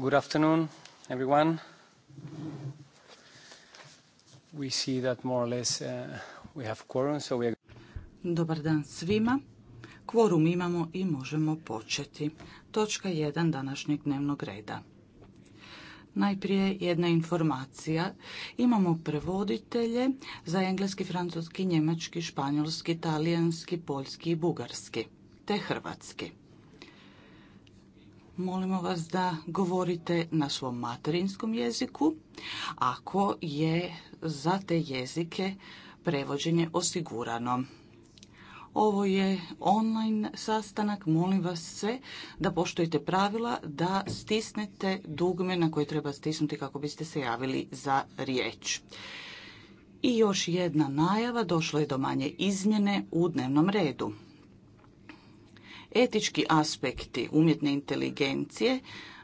Good afternoon, everyone. We see that more or less uh, we have quorum, so we Dobar dan svima. Kvorum imamo i možemo početi. Točka jedan današnjeg dnevnog reda. Najprije jedna informacija. Imamo prevoditelje za engleski, francuski, njemački, španjolski, talijanski, poljski i bugarski, te hrvatski molimo vas da govorite na svom materinskom jeziku ako je za te jezike prevođenje osigurano. Ovo je online sastanak, molim vas sve da poštujete pravila, da stisnete dugme na koje treba stisnuti kako biste se javili za riječ. I još jedna najava, došlo je do manje izmjene u dnevnom redu. Etički aspekti umjetne inteligencije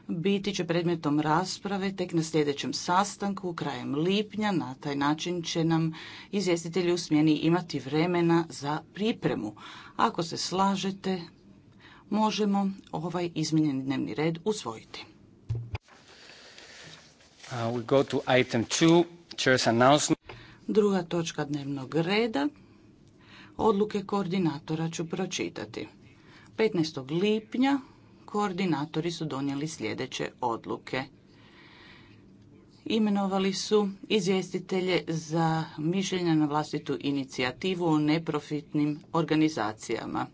biti će predmetom rasprave tek na sljedećem sastanku krajem lipnja. Na taj način će nam izvjestitelji u smjeni imati vremena za pripremu. Ako se slažete, možemo ovaj izmijenjeni dnevni red usvojiti. Uh, Druga točka dnevnog reda. Odluke koordinatora ću pročitati. 15. lipnja koordinatori su donijeli sljedeće odluke. Imenovali su izvjestitelje za mišljenja na vlastitu inicijativu o neprofitnim organizacijama.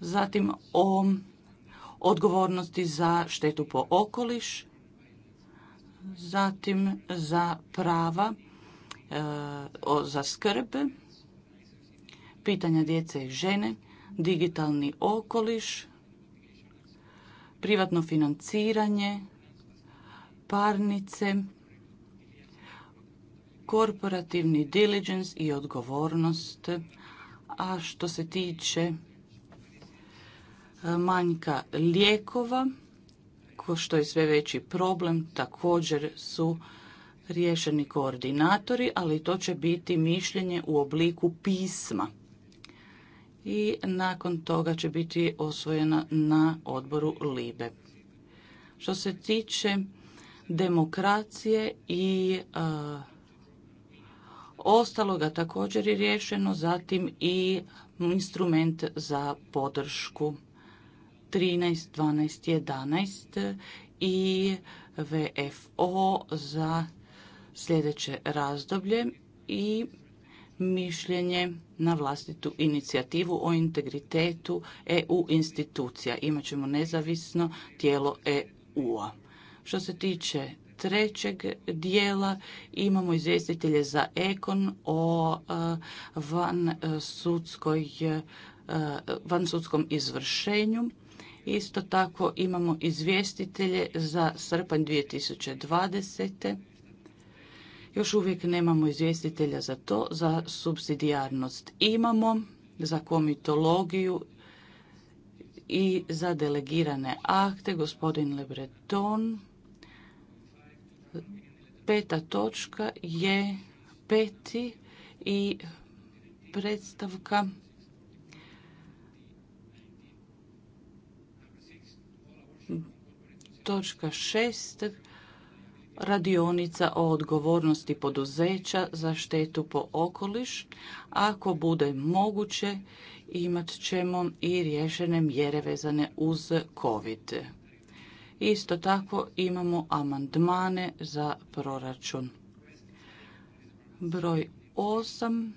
Zatim o odgovornosti za štetu po okoliš, zatim za prava e, za skrbe pitanja djece i žene, digitalni okoliš, privatno financiranje, parnice, korporativni diligence i odgovornost, a što se tiče e, manjka lijekova, što je sve veći problem, također su riješeni koordinatori, ali to će biti mišljenje u obliku pisma i nakon toga će biti osvojena na odboru LIBE. Što se tiče demokracije i e, ostaloga također je riješeno, zatim i instrument za podršku 13, 12, 11 i VFO za sljedeće razdoblje i mišljenje na vlastitu inicijativu o integritetu EU institucija. Imaćemo nezavisno tijelo EU-a. Što se tiče trećeg dijela imamo izvjestitelje za ekon o e, van e, sudskoj e, van sudskom izvršenju. Isto tako imamo izvjestitelje za srpanj 2020. Još uvijek nemamo izvjestitelja za to, za subsidijarnost imamo, za komitologiju i za delegirane akte, gospodin Lebreton. Peta točka je peti i predstavka točka šest radionica o odgovornosti poduzeća za štetu po okoliš. Ako bude moguće, imat ćemo i rješene mjere vezane uz COVID. Isto tako imamo amandmane za proračun. Broj 8.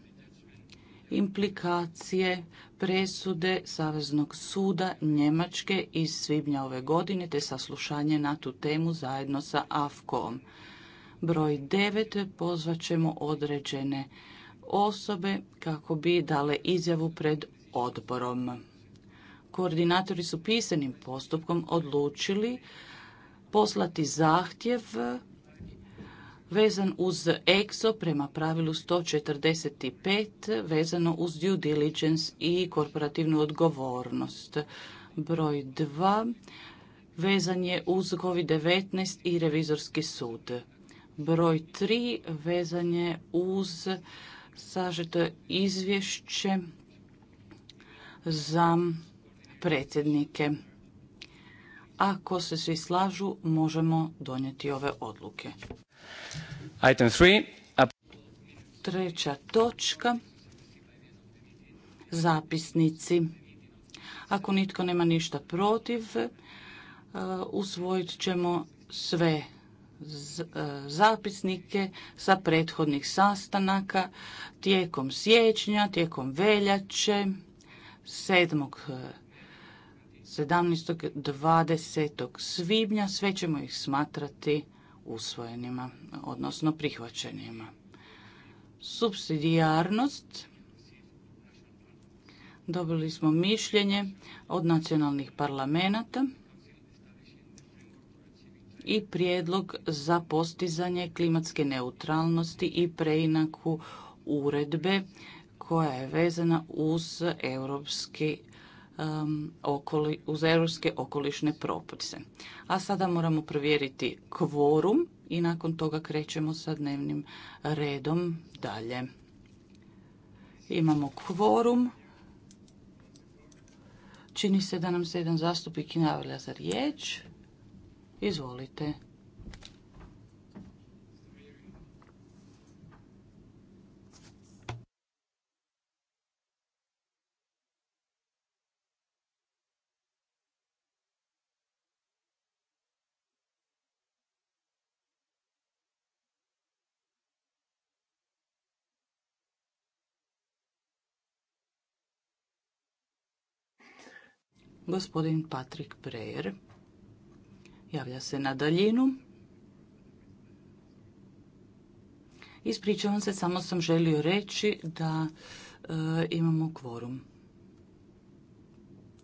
Implikacije presude Saveznog suda Njemačke iz svibnja ove godine te saslušanje na tu temu zajedno sa AFKOM. Broj 9 pozvat ćemo određene osobe kako bi dale izjavu pred odborom. Koordinatori su pisanim postupkom odlučili poslati zahtjev vezan uz EXO prema pravilu 145 vezano uz due diligence i korporativnu odgovornost. Broj 2 vezan je uz COVID-19 i revizorski sud. Broj 3 vezan je uz sažeto izvješće za predsjednike. Ako se svi slažu, možemo donijeti ove odluke. Item Treća točka. Zapisnici. Ako nitko nema ništa protiv, e, usvojit ćemo sve e, zapisnike sa prethodnih sastanaka tijekom siječnja, tijekom veljače, 7. 17. 20. svibnja, sve ćemo ih smatrati usvojenima, odnosno prihvaćenima. Subsidijarnost. Dobili smo mišljenje od nacionalnih parlamenta i prijedlog za postizanje klimatske neutralnosti i preinaku uredbe koja je vezana uz europski um, uz europske okolišne propise. A sada moramo provjeriti kvorum i nakon toga krećemo sa dnevnim redom dalje. Imamo kvorum. Čini se da nam se jedan zastupnik javlja za riječ. Izvolite. Gospodin Patrik Prejer javlja se na daljinu. Ispričavam se, samo sam želio reći da e, imamo kvorum.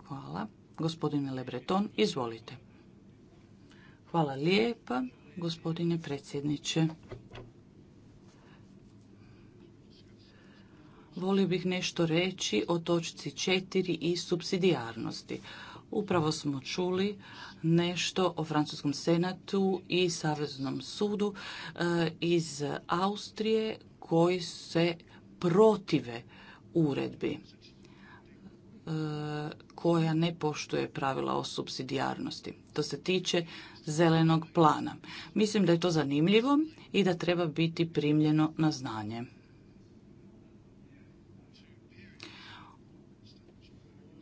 Hvala. Gospodine Lebreton, izvolite. Hvala lijepa, gospodine predsjedniče. volio bih nešto reći o točci četiri i subsidijarnosti. Upravo smo čuli nešto o Francuskom senatu i Saveznom sudu e, iz Austrije koji se protive uredbi e, koja ne poštuje pravila o subsidijarnosti. To se tiče zelenog plana. Mislim da je to zanimljivo i da treba biti primljeno na znanje.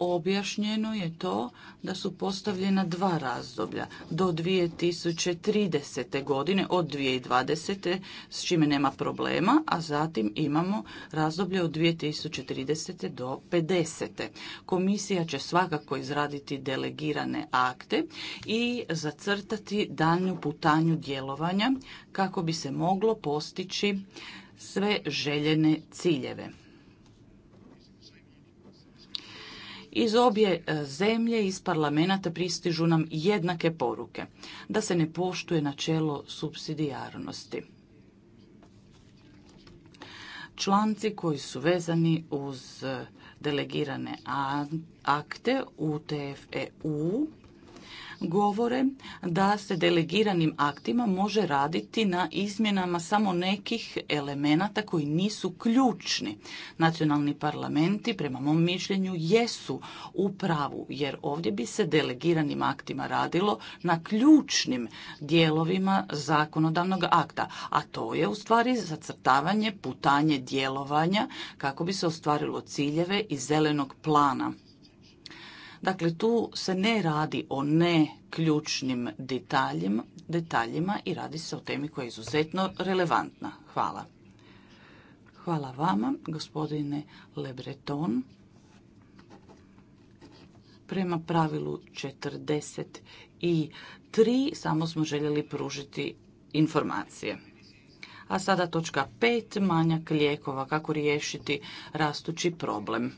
objašnjeno je to da su postavljena dva razdoblja do 2030. godine od 2020. s čime nema problema, a zatim imamo razdoblje od 2030. do 50. Komisija će svakako izraditi delegirane akte i zacrtati daljnju putanju djelovanja kako bi se moglo postići sve željene ciljeve. Iz obje e, zemlje, iz parlamenta pristižu nam jednake poruke, da se ne poštuje načelo subsidijarnosti. Članci koji su vezani uz delegirane akte u TFEU govore da se delegiranim aktima može raditi na izmjenama samo nekih elemenata koji nisu ključni. Nacionalni parlamenti, prema mom mišljenju, jesu u pravu, jer ovdje bi se delegiranim aktima radilo na ključnim dijelovima zakonodavnog akta, a to je u stvari zacrtavanje, putanje djelovanja kako bi se ostvarilo ciljeve iz zelenog plana Dakle, tu se ne radi o ne ključnim detaljima, detaljima i radi se o temi koja je izuzetno relevantna. Hvala. Hvala vama, gospodine Lebreton. Prema pravilu 43 samo smo željeli pružiti informacije. A sada točka 5, manjak lijekova, kako riješiti rastući problem.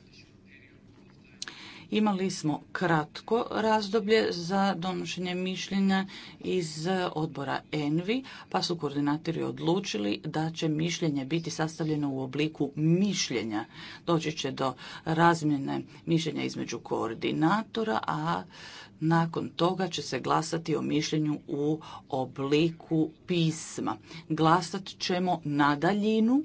Imali smo kratko razdoblje za donošenje mišljenja iz odbora ENVI, pa su koordinatori odlučili da će mišljenje biti sastavljeno u obliku mišljenja. Doći će do razmjene mišljenja između koordinatora, a nakon toga će se glasati o mišljenju u obliku pisma. Glasat ćemo na daljinu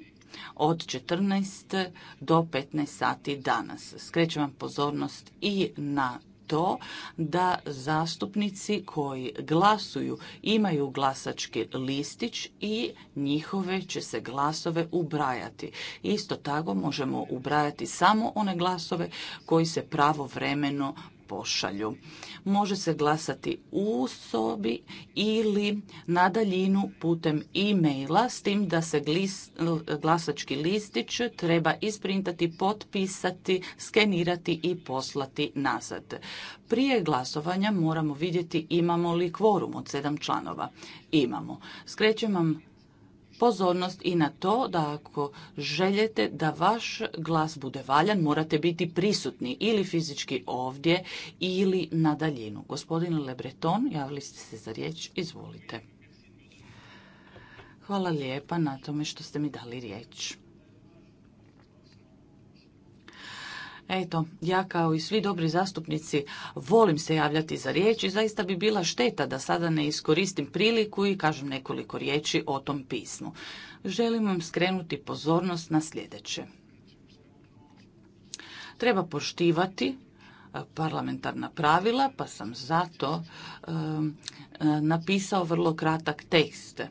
od 14 do 15 sati danas. Skrećem vam pozornost i na to da zastupnici koji glasuju imaju glasački listić i njihove će se glasove ubrajati. Isto tako možemo ubrajati samo one glasove koji se pravovremeno pošalju. Može se glasati u sobi ili na daljinu putem e-maila s tim da se glasački listić treba isprintati, potpisati, skenirati i poslati nazad. Prije glasovanja moramo vidjeti imamo li kvorum od sedam članova. Imamo. Skrećem vam pozornost i na to da ako željete da vaš glas bude valjan, morate biti prisutni ili fizički ovdje ili na daljinu. Gospodin Lebreton, javili ste se za riječ, izvolite. Hvala lijepa na tome što ste mi dali riječ. Eto, ja kao i svi dobri zastupnici volim se javljati za riječ i zaista bi bila šteta da sada ne iskoristim priliku i kažem nekoliko riječi o tom pismu. Želim vam skrenuti pozornost na sljedeće. Treba poštivati e, parlamentarna pravila, pa sam zato e, e, napisao vrlo kratak tekst.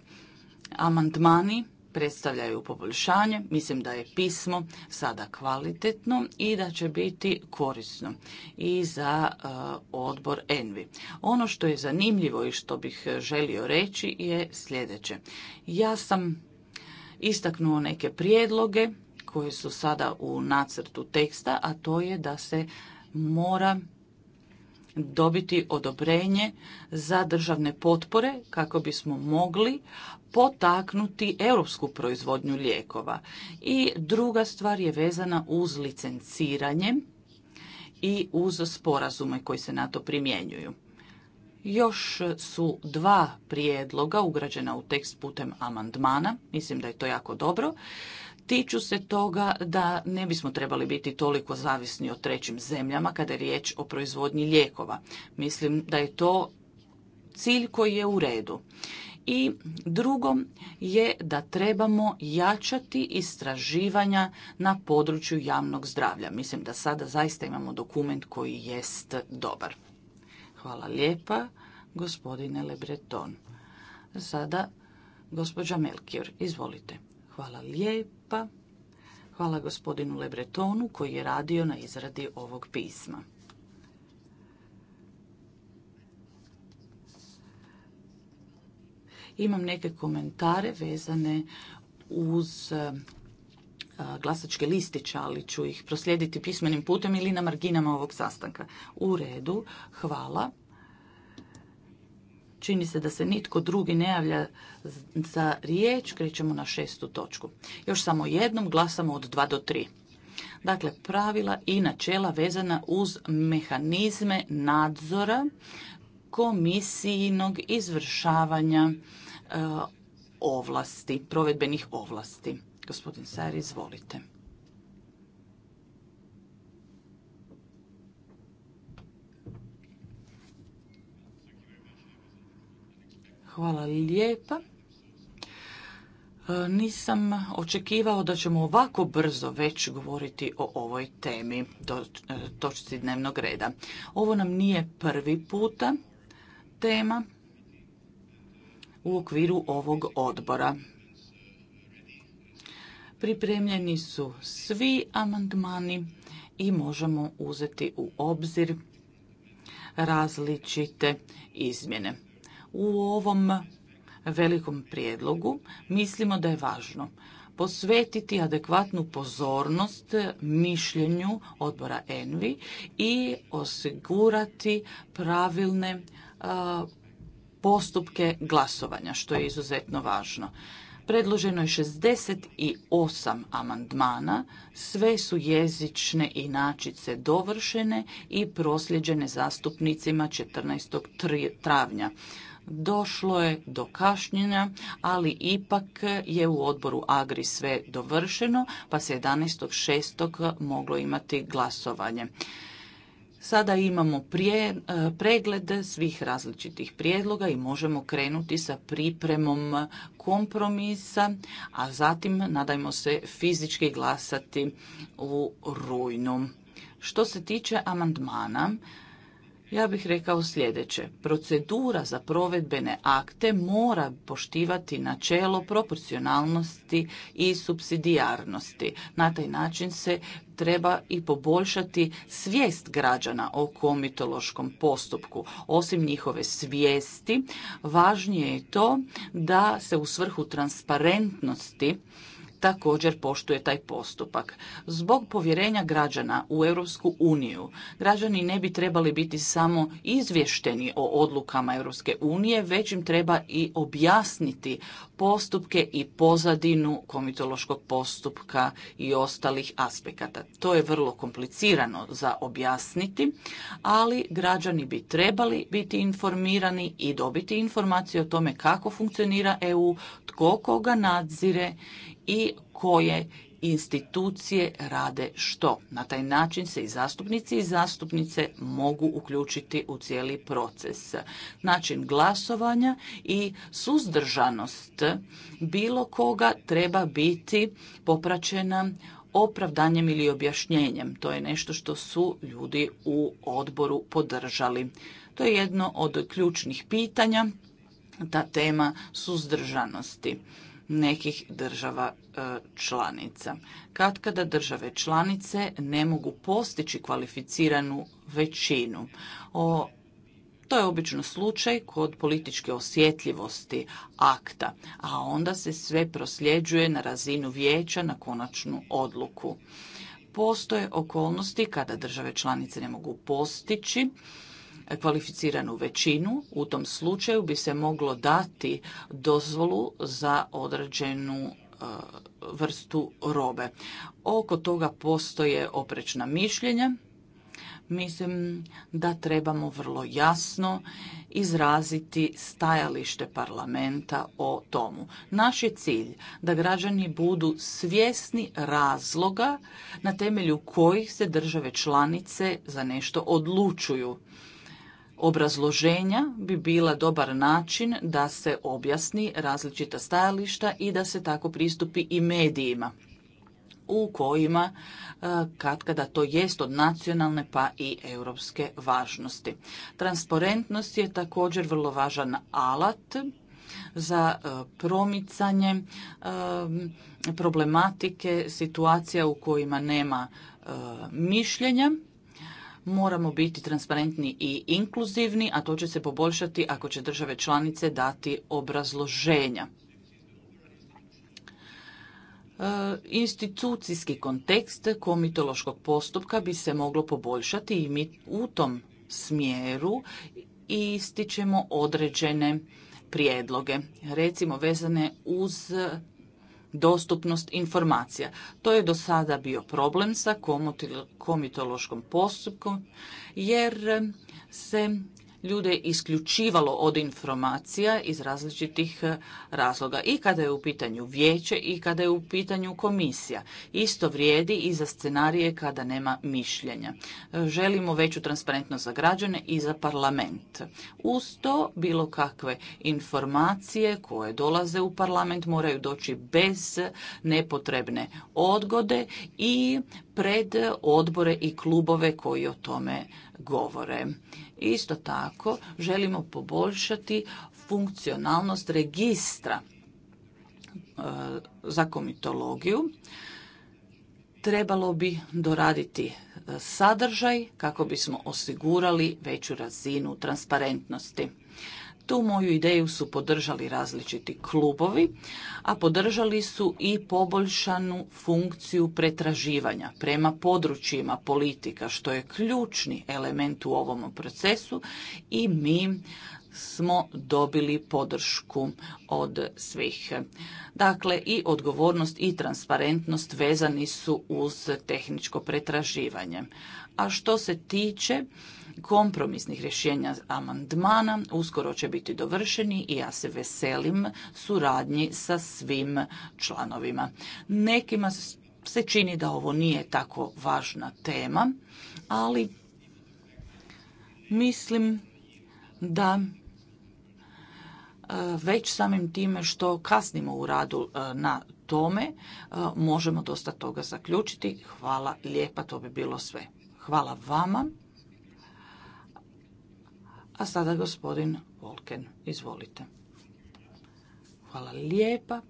Amandmani predstavljaju poboljšanje. Mislim da je pismo sada kvalitetno i da će biti korisno i za e, odbor Envi. Ono što je zanimljivo i što bih želio reći je sljedeće. Ja sam istaknuo neke prijedloge koje su sada u nacrtu teksta, a to je da se mora dobiti odobrenje za državne potpore kako bismo mogli potaknuti europsku proizvodnju lijekova. I druga stvar je vezana uz licenciranje i uz sporazume koji se na to primjenjuju. Još su dva prijedloga ugrađena u tekst putem amandmana, mislim da je to jako dobro. Tiču se toga da ne bismo trebali biti toliko zavisni o trećim zemljama kada je riječ o proizvodnji lijekova. Mislim da je to cilj koji je u redu. I drugo je da trebamo jačati istraživanja na području javnog zdravlja. Mislim da sada zaista imamo dokument koji jest dobar. Hvala lijepa, gospodine Lebreton. Sada gospođa Melkior, izvolite. Hvala lijepa. Hvala gospodinu Lebretonu koji je radio na izradi ovog pisma. Imam neke komentare vezane uz e, glasačke listiće, ali ću ih proslijediti pismenim putem ili na marginama ovog sastanka. U redu, hvala. Čini se da se nitko drugi ne javlja za riječ. Krećemo na šestu točku. Još samo jednom glasamo od 2 do tri. Dakle, pravila i načela vezana uz mehanizme nadzora komisijinog izvršavanja E, ovlasti, provedbenih ovlasti. Gospodin Sajer, izvolite. Hvala lijepa. E, nisam očekivao da ćemo ovako brzo već govoriti o ovoj temi, e, točci dnevnog reda. Ovo nam nije prvi puta tema u okviru ovog odbora. Pripremljeni su svi amandmani i možemo uzeti u obzir različite izmjene. U ovom velikom prijedlogu mislimo da je važno posvetiti adekvatnu pozornost mišljenju odbora ENVI i osigurati pravilne postupke glasovanja, što je izuzetno važno. Predloženo je 68 amandmana, sve su jezične inačice dovršene i prosljeđene zastupnicima 14. travnja. Došlo je do kašnjenja, ali ipak je u odboru Agri sve dovršeno, pa se 11.6. moglo imati glasovanje. Sada imamo prije, e, preglede svih različitih prijedloga i možemo krenuti sa pripremom kompromisa, a zatim nadajmo se fizički glasati u rujnu. Što se tiče amandmana, ja bih rekao sljedeće. Procedura za provedbene akte mora poštivati načelo proporcionalnosti i subsidijarnosti. Na taj način se treba i poboljšati svijest građana o komitološkom postupku. Osim njihove svijesti, važnije je to da se u svrhu transparentnosti također poštuje taj postupak. Zbog povjerenja građana u Europsku uniju, građani ne bi trebali biti samo izvješteni o odlukama Europske unije, već im treba i objasniti postupke i pozadinu komitološkog postupka i ostalih aspekata. To je vrlo komplicirano za objasniti, ali građani bi trebali biti informirani i dobiti informacije o tome kako funkcionira EU, tko koga nadzire i koje institucije rade što. Na taj način se i zastupnici i zastupnice mogu uključiti u cijeli proces. Način glasovanja i suzdržanost bilo koga treba biti popraćena opravdanjem ili objašnjenjem. To je nešto što su ljudi u odboru podržali. To je jedno od ključnih pitanja, ta tema suzdržanosti nekih država e, članica. Kad kada države članice ne mogu postići kvalificiranu većinu. O, to je obično slučaj kod političke osjetljivosti akta, a onda se sve prosljeđuje na razinu vijeća na konačnu odluku. Postoje okolnosti kada države članice ne mogu postići kvalificiranu većinu, u tom slučaju bi se moglo dati dozvolu za određenu e, vrstu robe. Oko toga postoje oprečna mišljenja. Mislim da trebamo vrlo jasno izraziti stajalište parlamenta o tomu. Naš je cilj da građani budu svjesni razloga na temelju kojih se države članice za nešto odlučuju obrazloženja bi bila dobar način da se objasni različita stajališta i da se tako pristupi i medijima u kojima e, kad kada to jest od nacionalne pa i europske važnosti. Transparentnost je također vrlo važan alat za e, promicanje e, problematike, situacija u kojima nema mišljenja Moramo biti transparentni i inkluzivni, a to će se poboljšati ako će države članice dati obrazloženja. E, institucijski kontekst komitološkog postupka bi se moglo poboljšati i mi u tom smjeru ističemo određene prijedloge, recimo vezane uz dostupnost informacija. To je do sada bio problem sa komitološkom postupkom jer se ljude isključivalo od informacija iz različitih eh, razloga i kada je u pitanju vijeće i kada je u pitanju komisija. Isto vrijedi i za scenarije kada nema mišljenja. Eh, želimo veću transparentnost za građane i za parlament. Uz to bilo kakve informacije koje dolaze u parlament moraju doći bez nepotrebne odgode i pred odbore i klubove koji o tome govore. Isto tako želimo poboljšati funkcionalnost registra e, za komitologiju. Trebalo bi doraditi e, sadržaj kako bismo osigurali veću razinu transparentnosti. Tu moju ideju su podržali različiti klubovi, a podržali su i poboljšanu funkciju pretraživanja prema područjima politika, što je ključni element u ovom procesu i mi smo dobili podršku od svih. Dakle, i odgovornost i transparentnost vezani su uz tehničko pretraživanje. A što se tiče kompromisnih rješenja amandmana. Uskoro će biti dovršeni i ja se veselim suradnji sa svim članovima. Nekima se čini da ovo nije tako važna tema, ali mislim da e, već samim time što kasnimo u radu e, na tome e, možemo dosta toga zaključiti. Hvala lijepa, to bi bilo sve. Hvala vama. A sada gospodin Volken, izvolite. Hvala lijepa.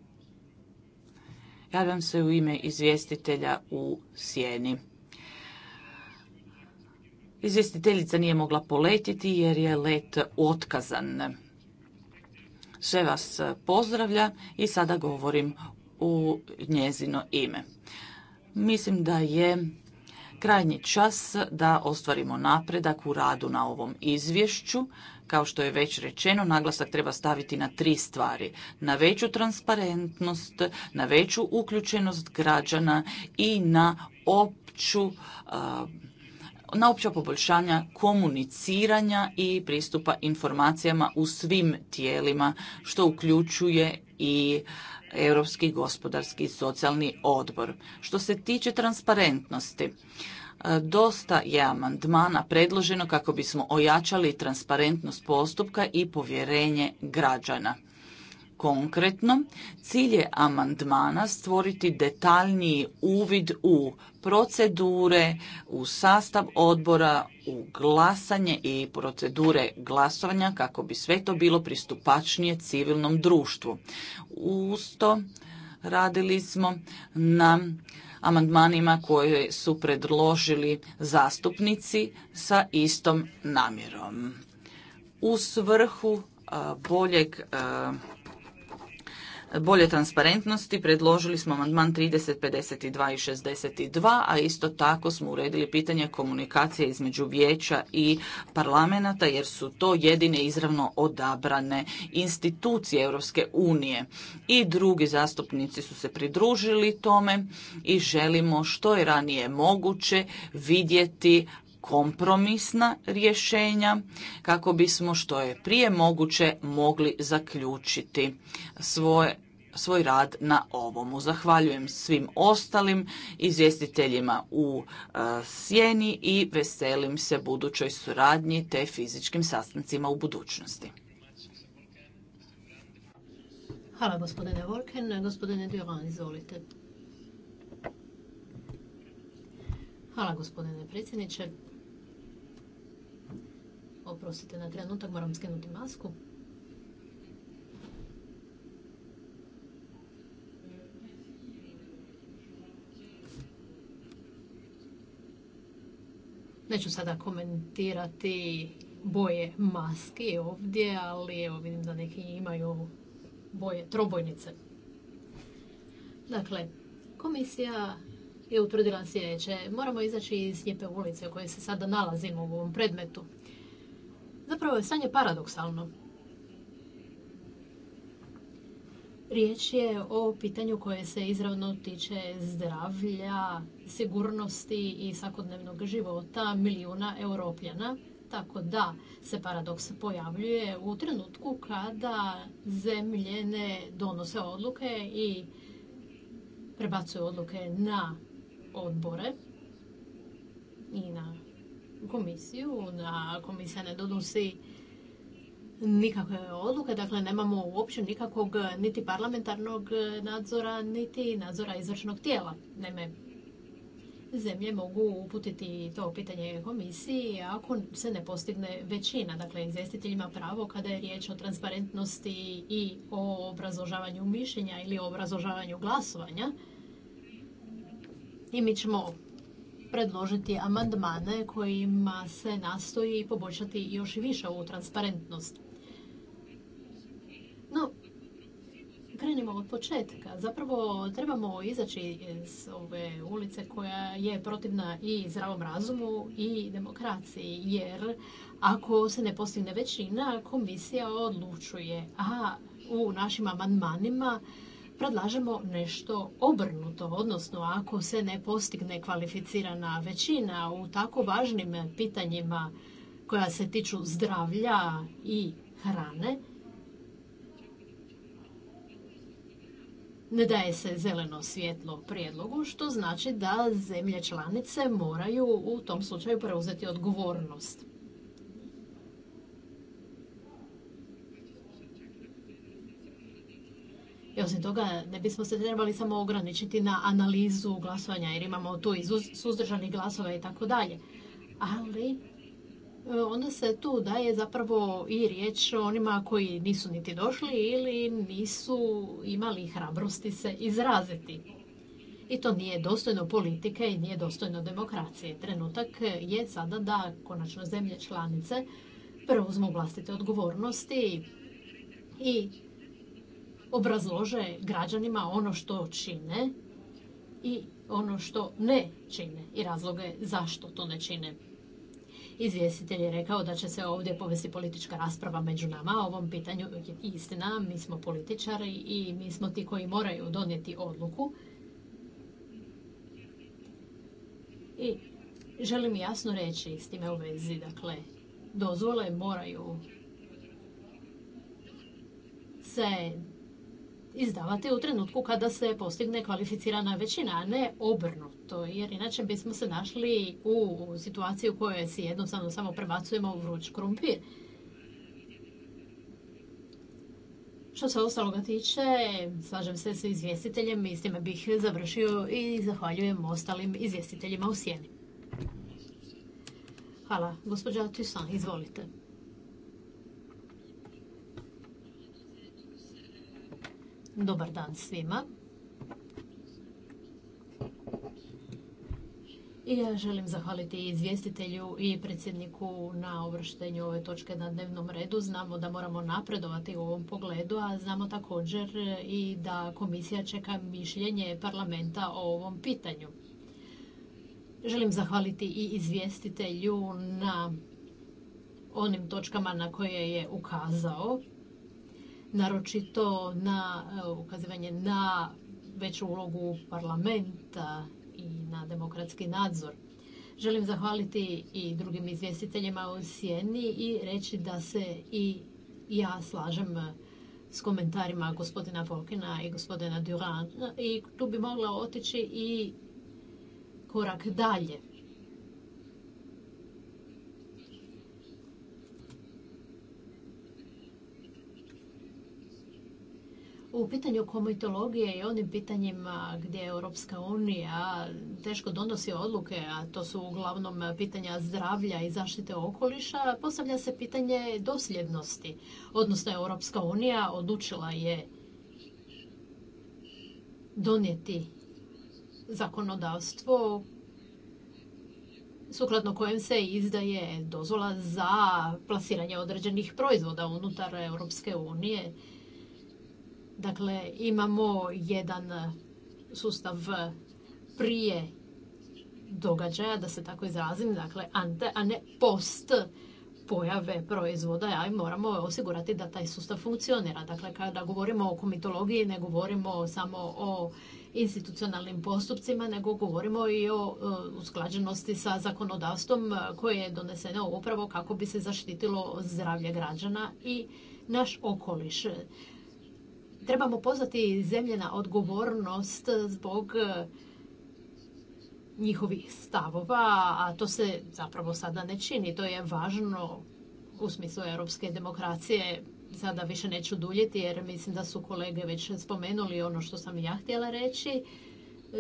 Javljam se u ime izvjestitelja u Sjeni. Izvjestiteljica nije mogla poletiti jer je let otkazan. Sve vas pozdravlja i sada govorim u njezino ime. Mislim da je Krajnji čas da ostvarimo napredak u radu na ovom izvješću. Kao što je već rečeno, naglasak treba staviti na tri stvari. Na veću transparentnost, na veću uključenost građana i na opću na opća poboljšanja komuniciranja i pristupa informacijama u svim tijelima, što uključuje i Europski gospodarski i socijalni odbor. Što se tiče transparentnosti, e, dosta je amandmana predloženo kako bismo ojačali transparentnost postupka i povjerenje građana. Konkretno, cilj je amandmana stvoriti detaljniji uvid u procedure, u sastav odbora, u glasanje i procedure glasovanja kako bi sve to bilo pristupačnije civilnom društvu. Usto radili smo na amandmanima koje su predložili zastupnici sa istom namjerom. U svrhu boljeg bolje transparentnosti predložili smo amandman 30, 52 i 62, a isto tako smo uredili pitanje komunikacije između vijeća i parlamenta jer su to jedine izravno odabrane institucije Europske unije. I drugi zastupnici su se pridružili tome i želimo što je ranije moguće vidjeti kompromisna rješenja kako bismo što je prije moguće mogli zaključiti svoj rad na ovomu. Zahvaljujem svim ostalim izvjestiteljima u e, sjeni i veselim se budućoj suradnji te fizičkim sastancima u budućnosti. Hvala gospodine Volken. Gospodine Duran, izvolite. Hvala gospodine predsjedniče. Oprostite, na trenutak moram skinuti masku. Neću sada komentirati boje maske ovdje, ali evo vidim da neki imaju boje trobojnice. Dakle, komisija je utvrdila sljedeće. Moramo izaći iz njepe ulice u kojoj se sada nalazimo u ovom predmetu. Zapravo je stanje paradoksalno. Riječ je o pitanju koje se izravno tiče zdravlja, sigurnosti i svakodnevnog života milijuna europljana. Tako da se paradoks pojavljuje u trenutku kada zemlje ne donose odluke i prebacuju odluke na odbore i na komisiju, da komisija ne donosi nikakve odluke, dakle nemamo uopće nikakvog niti parlamentarnog e, nadzora, niti nadzora izvršnog tijela. Naime, zemlje mogu uputiti to pitanje komisiji ako se ne postigne većina. Dakle, ima pravo kada je riječ o transparentnosti i o obrazložavanju mišljenja ili o obrazložavanju glasovanja. I mi ćemo predložiti amandmane kojima se nastoji poboljšati još i više ovu transparentnost. No, krenimo od početka. Zapravo trebamo izaći iz ove ulice koja je protivna i zdravom razumu i demokraciji, jer ako se ne postigne većina, komisija odlučuje, a u našim amandmanima predlažemo nešto obrnuto, odnosno ako se ne postigne kvalificirana većina u tako važnim pitanjima koja se tiču zdravlja i hrane, ne daje se zeleno svjetlo prijedlogu, što znači da zemlje članice moraju u tom slučaju preuzeti odgovornost. I osim toga, ne bismo se trebali samo ograničiti na analizu glasovanja, jer imamo tu i suzdržanih glasova i tako dalje. Ali, e, onda se tu daje zapravo i riječ onima koji nisu niti došli ili nisu imali hrabrosti se izraziti. I to nije dostojno politike i nije dostojno demokracije. Trenutak je sada da konačno zemlje članice preuzmu vlastite odgovornosti i obrazlože građanima ono što čine i ono što ne čine i razloge zašto to ne čine. Izvjestitelj je rekao da će se ovdje povesti politička rasprava među nama o ovom pitanju. Istina, mi smo političari i mi smo ti koji moraju donijeti odluku. I želim jasno reći s time u vezi, dakle, dozvole moraju se izdavati u trenutku kada se postigne kvalificirana većina, a ne obrnuto, jer inače bismo se našli u situaciji u kojoj si jednostavno samo prebacujemo u vruć krumpir. Što se ostaloga tiče, slažem se s izvjestiteljem i s time bih završio i zahvaljujem ostalim izvjestiteljima u sjeni. Hvala. Gospođa Tisan, izvolite. Dobar dan svima. I ja želim zahvaliti izvjestitelju i predsjedniku na uvrštenju ove točke na dnevnom redu. Znamo da moramo napredovati u ovom pogledu, a znamo također i da komisija čeka mišljenje parlamenta o ovom pitanju. Želim zahvaliti i izvjestitelju na onim točkama na koje je ukazao naročito na ukazivanje na veću ulogu parlamenta i na demokratski nadzor. Želim zahvaliti i drugim izvjestiteljima u Sjeni i reći da se i ja slažem s komentarima gospodina Volkina i gospodina Durana i tu bi mogla otići i korak dalje. u pitanju komitologije i onim pitanjima gdje je Europska unija teško donosi odluke, a to su uglavnom pitanja zdravlja i zaštite okoliša, postavlja se pitanje dosljednosti. Odnosno, Europska unija odlučila je donijeti zakonodavstvo sukladno kojem se izdaje dozvola za plasiranje određenih proizvoda unutar Europske unije Dakle, imamo jedan sustav prije događaja, da se tako izrazim, dakle ante, a ne post pojave proizvoda, a i moramo osigurati da taj sustav funkcionira. Dakle, kada govorimo o komitologiji, ne govorimo samo o institucionalnim postupcima, nego govorimo i o e, usklađenosti sa zakonodavstvom koje je doneseno upravo kako bi se zaštitilo zdravlje građana i naš okoliš trebamo pozvati zemlje na odgovornost zbog e, njihovih stavova, a to se zapravo sada ne čini. To je važno u smislu europske demokracije. Sada više neću duljiti jer mislim da su kolege već spomenuli ono što sam ja htjela reći.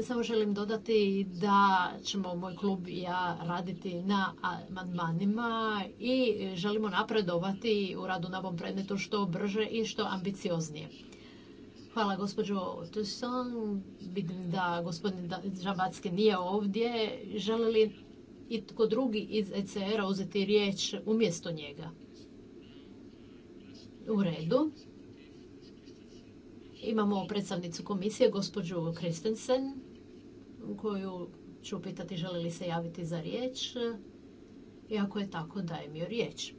Samo želim dodati da ćemo moj klub i ja raditi na amandmanima i želimo napredovati u radu na ovom predmetu što brže i što ambicioznije. Hvala gospođo Tusson. Vidim mm. da gospodin Žabacki nije ovdje. Želi li i tko drugi iz ECR-a uzeti riječ umjesto njega? U redu. Imamo predstavnicu komisije, gospođu Kristensen, koju ću pitati želi li se javiti za riječ. I ako je tako, dajem joj riječ.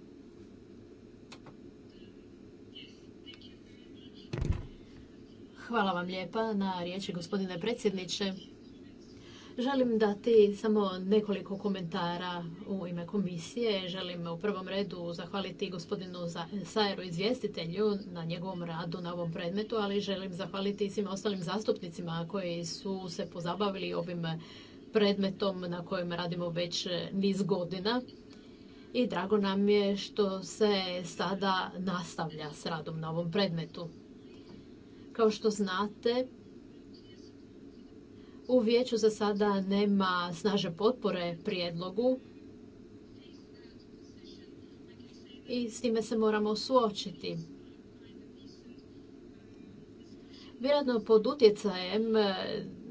Hvala vam lijepa na riječi, gospodine predsjedniče. Želim dati samo nekoliko komentara u ime komisije. Želim u prvom redu zahvaliti gospodinu Sajeru izvjestitelju na njegovom radu na ovom predmetu, ali želim zahvaliti i svim ostalim zastupnicima koji su se pozabavili ovim predmetom na kojem radimo već niz godina. I drago nam je što se sada nastavlja s radom na ovom predmetu. Kao što znate, u vijeću za sada nema snaže potpore prijedlogu i s time se moramo suočiti vjerojatno pod utjecajem e,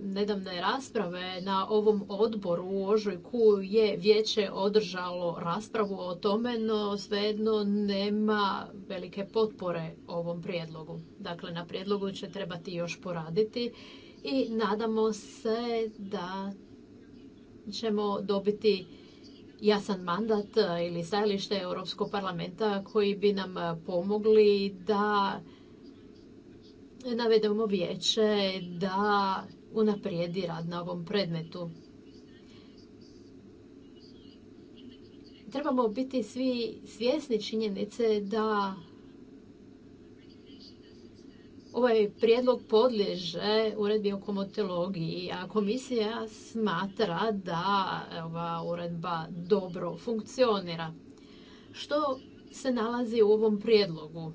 nedavne rasprave na ovom odboru u Ožujku je vijeće održalo raspravu o tome, no svejedno nema velike potpore ovom prijedlogu. Dakle, na prijedlogu će trebati još poraditi i nadamo se da ćemo dobiti jasan mandat e, ili stajalište Europskog parlamenta koji bi nam pomogli da navedemo vijeće da unaprijedi rad na ovom predmetu. Trebamo biti svi svjesni činjenice da ovaj prijedlog podliježe uredbi o komotologiji, a komisija smatra da ova uredba dobro funkcionira. Što se nalazi u ovom prijedlogu?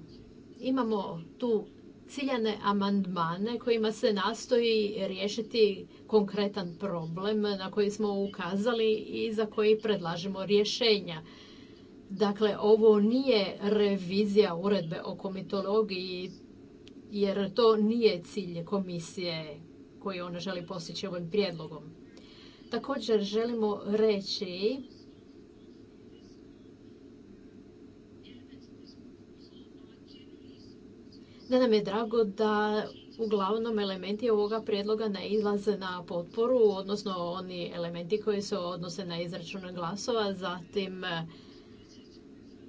Imamo tu ciljane amandmane kojima se nastoji riješiti konkretan problem na koji smo ukazali i za koji predlažemo rješenja. Dakle, ovo nije revizija uredbe o komitologiji, jer to nije cilj komisije koji ona želi postići ovim prijedlogom. Također želimo reći da nam je drago da uglavnom elementi ovoga prijedloga ne izlaze na potporu, odnosno oni elementi koji se odnose na izračun glasova, zatim e,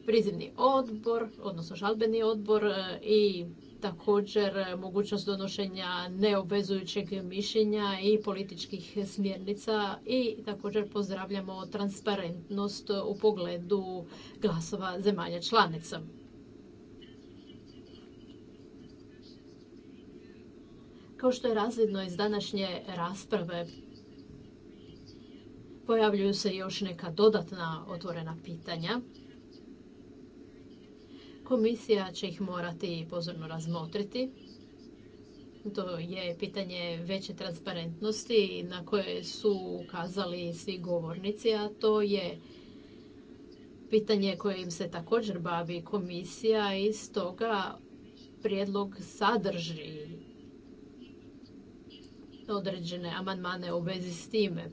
prizivni odbor, odnosno žalbeni odbor e, i također mogućnost donošenja neobvezujućeg mišljenja i političkih smjernica i također pozdravljamo transparentnost u pogledu glasova zemalja članica. Kao što je razvidno iz današnje rasprave, pojavljuju se još neka dodatna otvorena pitanja. Komisija će ih morati pozorno razmotriti. To je pitanje veće transparentnosti na koje su ukazali svi govornici, a to je pitanje kojim se također bavi komisija i stoga prijedlog sadrži određene amandmane u vezi s time.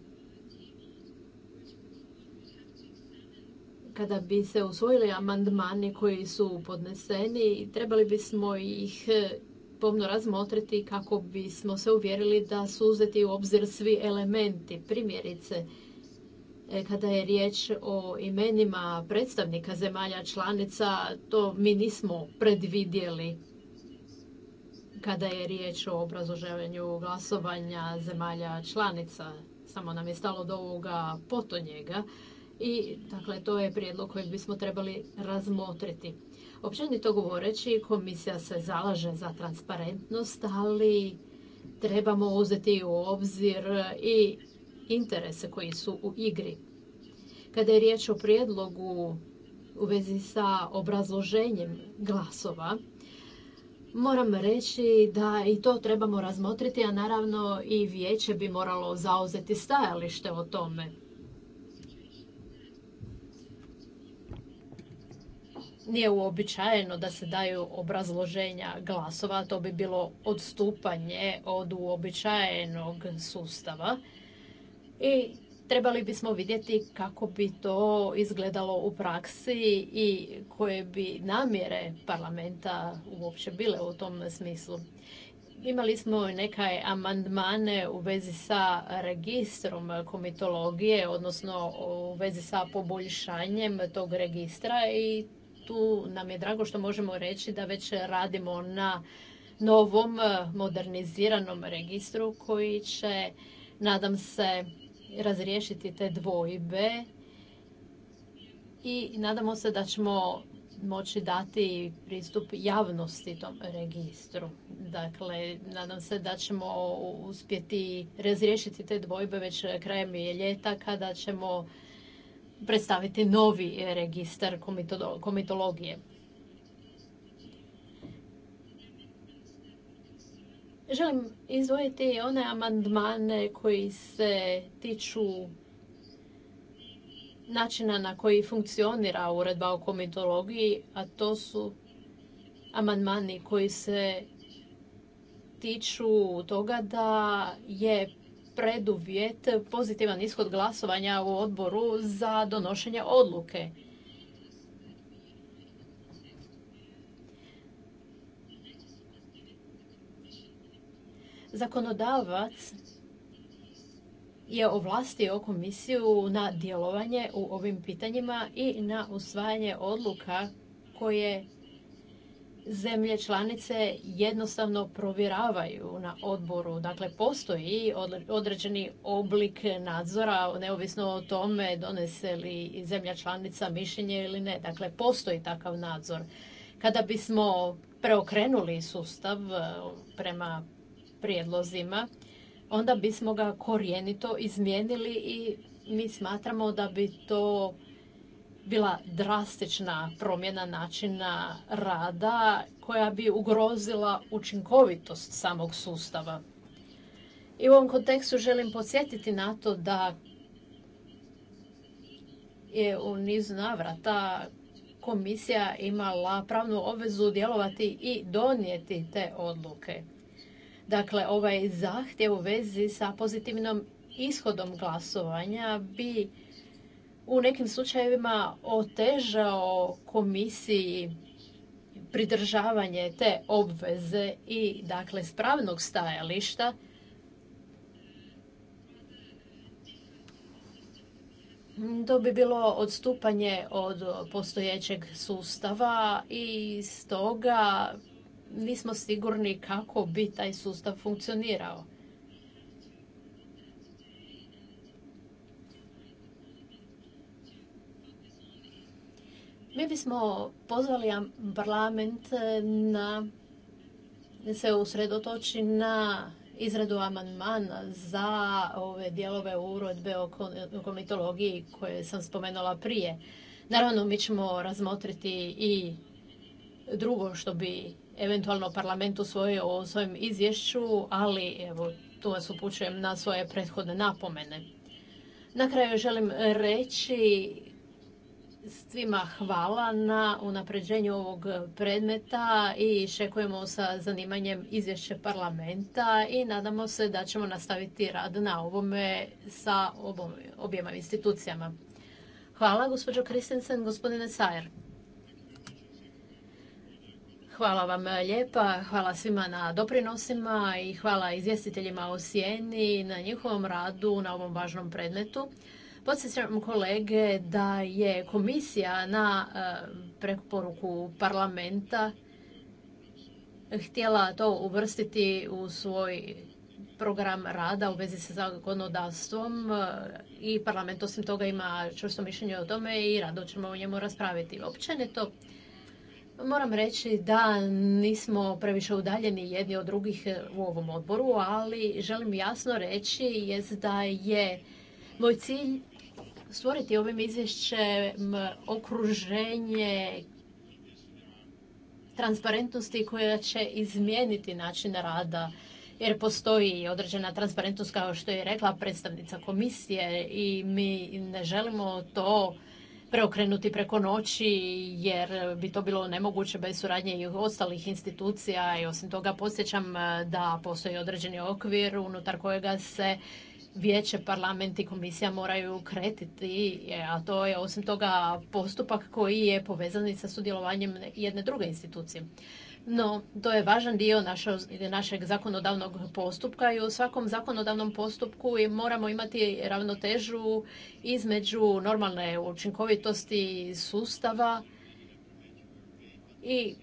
Kada bi se usvojili amandmani koji su podneseni, trebali bismo ih e, pomno razmotriti kako bismo se uvjerili da su uzeti u obzir svi elementi. Primjerice, e, kada je riječ o imenima predstavnika zemalja članica, to mi nismo predvidjeli kada je riječ o obrazloženju glasovanja zemalja članica. Samo nam je stalo do ovoga poto njega. I dakle, to je prijedlog koji bismo trebali razmotriti. Općenito govoreći, komisija se zalaže za transparentnost, ali trebamo uzeti u obzir i interese koji su u igri. Kada je riječ o prijedlogu u vezi sa obrazloženjem glasova, Moram reći da i to trebamo razmotriti, a naravno i vijeće bi moralo zauzeti stajalište o tome. Nije uobičajeno da se daju obrazloženja glasova, to bi bilo odstupanje od uobičajenog sustava. I trebali bismo vidjeti kako bi to izgledalo u praksi i koje bi namjere parlamenta uopće bile u tom smislu. Imali smo neke amandmane u vezi sa registrom komitologije, odnosno u vezi sa poboljšanjem tog registra i tu nam je drago što možemo reći da već radimo na novom moderniziranom registru koji će, nadam se, razriješiti te dvojbe i nadamo se da ćemo moći dati pristup javnosti tom registru. Dakle, nadam se da ćemo uspjeti razriješiti te dvojbe već krajem ljeta kada ćemo predstaviti novi registar komitologije. Želim izdvojiti one amandmane koji se tiču načina na koji funkcionira uredba o komitologiji, a to su amandmani koji se tiču toga da je preduvjet pozitivan ishod glasovanja u odboru za donošenje odluke. zakonodavac je ovlastio komisiju na djelovanje u ovim pitanjima i na usvajanje odluka koje zemlje članice jednostavno provjeravaju na odboru. Dakle, postoji određeni oblik nadzora, neovisno o tome donese li zemlja članica mišljenje ili ne. Dakle, postoji takav nadzor. Kada bismo preokrenuli sustav eh, prema prijedlozima, onda bismo ga korijenito izmijenili i mi smatramo da bi to bila drastična promjena načina rada koja bi ugrozila učinkovitost samog sustava. I u ovom kontekstu želim podsjetiti na to da je u nizu navrata komisija imala pravnu obvezu djelovati i donijeti te odluke. Dakle, ovaj zahtjev u vezi sa pozitivnom ishodom glasovanja bi u nekim slučajevima otežao komisiji pridržavanje te obveze i dakle spravnog stajališta To bi bilo odstupanje od postojećeg sustava i stoga nismo sigurni kako bi taj sustav funkcionirao. Mi bismo pozvali parlament eh, na se usredotoči na izradu amandmana za ove dijelove urodbe o komitologiji koje sam spomenula prije. Naravno, mi ćemo razmotriti i drugo što bi eventualno parlament usvojio u svojem izvješću, ali evo, tu vas upućujem na svoje prethodne napomene. Na kraju želim reći svima hvala na unapređenju ovog predmeta i šekujemo sa zanimanjem izvješće parlamenta i nadamo se da ćemo nastaviti rad na ovome sa objema institucijama. Hvala, gospođo Kristensen, gospodine Sajer. Hvala vam eh, lijepa, hvala svima na doprinosima i hvala izvjestiteljima o Sijeni na njihovom radu na ovom važnom predmetu. Podsjećam kolege da je komisija na eh, preporuku parlamenta htjela to uvrstiti u svoj program rada u vezi sa zakonodavstvom eh, i parlament osim toga ima čvrsto mišljenje o tome i rado ćemo o njemu raspraviti. Općenito, Moram reći da nismo previše udaljeni jedni od drugih e, u ovom odboru, ali želim jasno reći jest da je moj cilj stvoriti ovim izvješćem okruženje transparentnosti koja će izmijeniti način rada jer postoji određena transparentnost kao što je rekla predstavnica komisije i mi ne želimo to preokrenuti preko noći jer bi to bilo nemoguće bez suradnje i ostalih institucija i osim toga posjećam e, da postoji određeni okvir unutar kojega se vijeće, parlament i komisija moraju kretiti, e, a to je osim toga postupak koji je povezan i sa sudjelovanjem jedne druge institucije. No, to je važan dio našeg zakonodavnog postupka i u svakom zakonodavnom postupku moramo imati ravnotežu između normalne učinkovitosti sustava i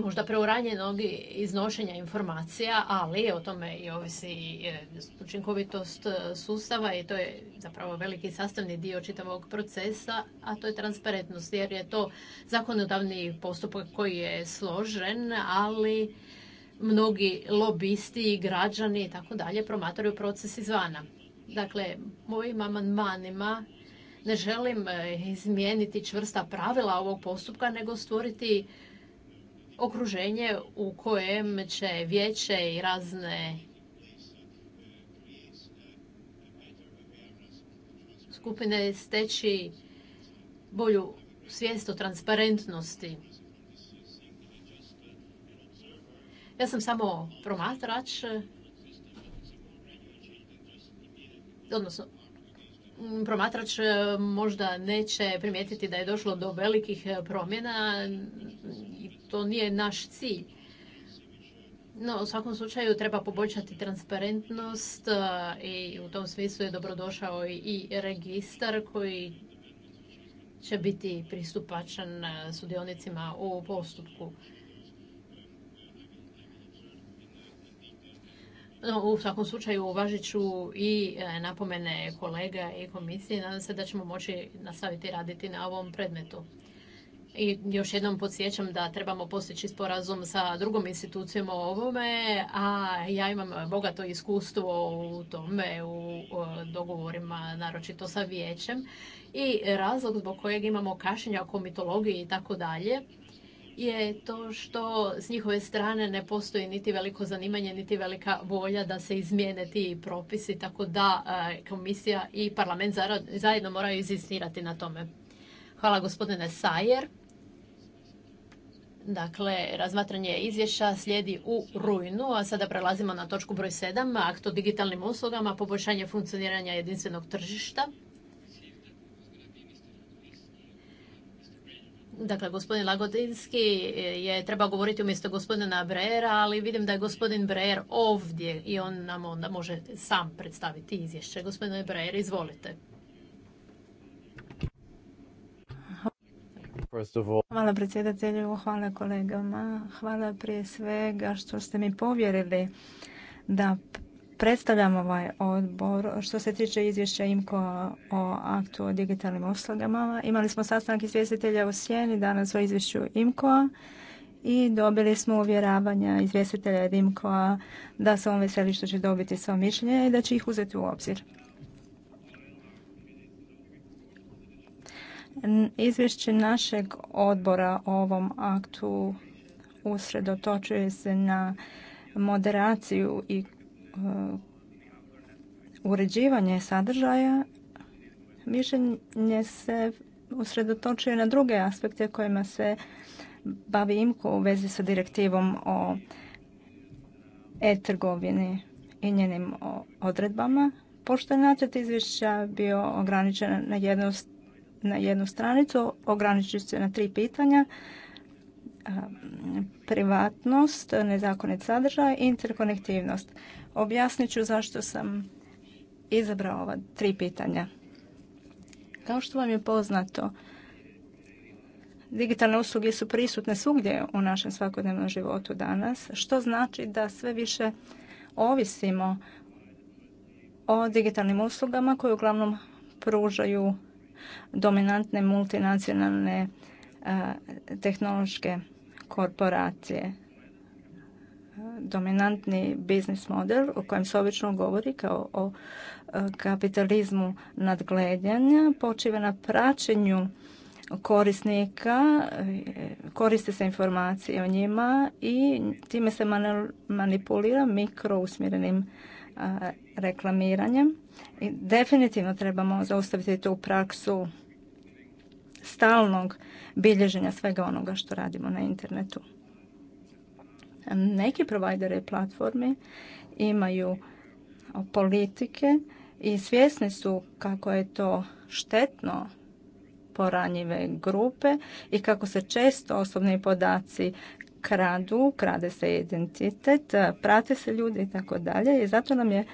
možda mhm. preuranjenog iznošenja informacija, ali o tome i ovisi i e, učinkovitost e, sustava i to je zapravo veliki sastavni dio čitavog procesa, a to je transparentnost jer je to zakonodavni postupak koji je složen, ali mnogi lobisti, građani i tako dalje promatraju proces izvana. Dakle, mojim amandmanima ne želim e, izmijeniti čvrsta pravila ovog postupka, nego stvoriti okruženje u kojem će vijeće i razne skupine steći bolju svijest o transparentnosti. Ja sam samo promatrač, odnosno mm, promatrač e, možda neće primijetiti da je došlo do velikih e, promjena to nije naš cilj. No, u svakom slučaju treba poboljšati transparentnost e, i u tom smislu je dobrodošao i registar koji će biti pristupačan e, sudionicima u postupku. No, u svakom slučaju uvažit ću i e, napomene kolega i komisije. Nadam se da ćemo moći nastaviti raditi na ovom predmetu. I još jednom podsjećam da trebamo postići sporazum sa drugom institucijom o ovome, a ja imam bogato iskustvo u tome, u dogovorima, naročito sa vijećem. I razlog zbog kojeg imamo kašenja oko komitologiji i tako dalje, je to što s njihove strane ne postoji niti veliko zanimanje, niti velika volja da se izmijene ti propisi, tako da e, komisija i parlament zajedno moraju izistirati na tome. Hvala gospodine Sajer. Dakle, razmatranje izvješća slijedi u rujnu, a sada prelazimo na točku broj 7, akt o digitalnim uslugama, poboljšanje funkcioniranja jedinstvenog tržišta. Dakle, gospodin Lagodinski je trebao govoriti umjesto gospodina Brera, ali vidim da je gospodin Brejer ovdje i on nam onda može sam predstaviti izvješće. Gospodine Brejer, izvolite. Hvala predsjedatelju, hvala kolegama, hvala prije svega što ste mi povjerili da predstavljam ovaj odbor. Što se tiče izvješća IMKO o aktu o digitalnim uslugama, imali smo sastanak izvjestitelja u Sjeni danas o izvješću IMKO i dobili smo uvjeravanja izvjestitelja a da se on veseli što će dobiti svoje mišljenje i da će ih uzeti u obzir. Izvješće našeg odbora o ovom aktu usredotočuje se na moderaciju i e, uređivanje sadržaja. Mišljenje se usredotočuje na druge aspekte kojima se bavi imko u vezi sa direktivom o e-trgovini i njenim odredbama. Pošto je nacrt izvješća bio ograničen na jednost na jednu stranicu, ograničit se na tri pitanja. Privatnost, nezakonit sadržaj i interkonektivnost. Objasnit ću zašto sam izabrao ova tri pitanja. Kao što vam je poznato, digitalne usluge su prisutne svugdje u našem svakodnevnom životu danas, što znači da sve više ovisimo o digitalnim uslugama koje uglavnom pružaju dominantne multinacionalne e, tehnološke korporacije. Dominantni biznis model o kojem se obično govori kao o e, kapitalizmu nadgledanja počiva na praćenju korisnika, e, koriste se informacije o njima i time se manipulira mikrousmjerenim reklamiranjem. i definitivno trebamo zaustaviti tu praksu stalnog bilježenja svega onoga što radimo na internetu. Neki provajdere i platforme imaju politike i svjesni su kako je to štetno poranjive grupe i kako se često osobni podaci kradu, krade se identitet, prate se ljudi i tako dalje i zato nam je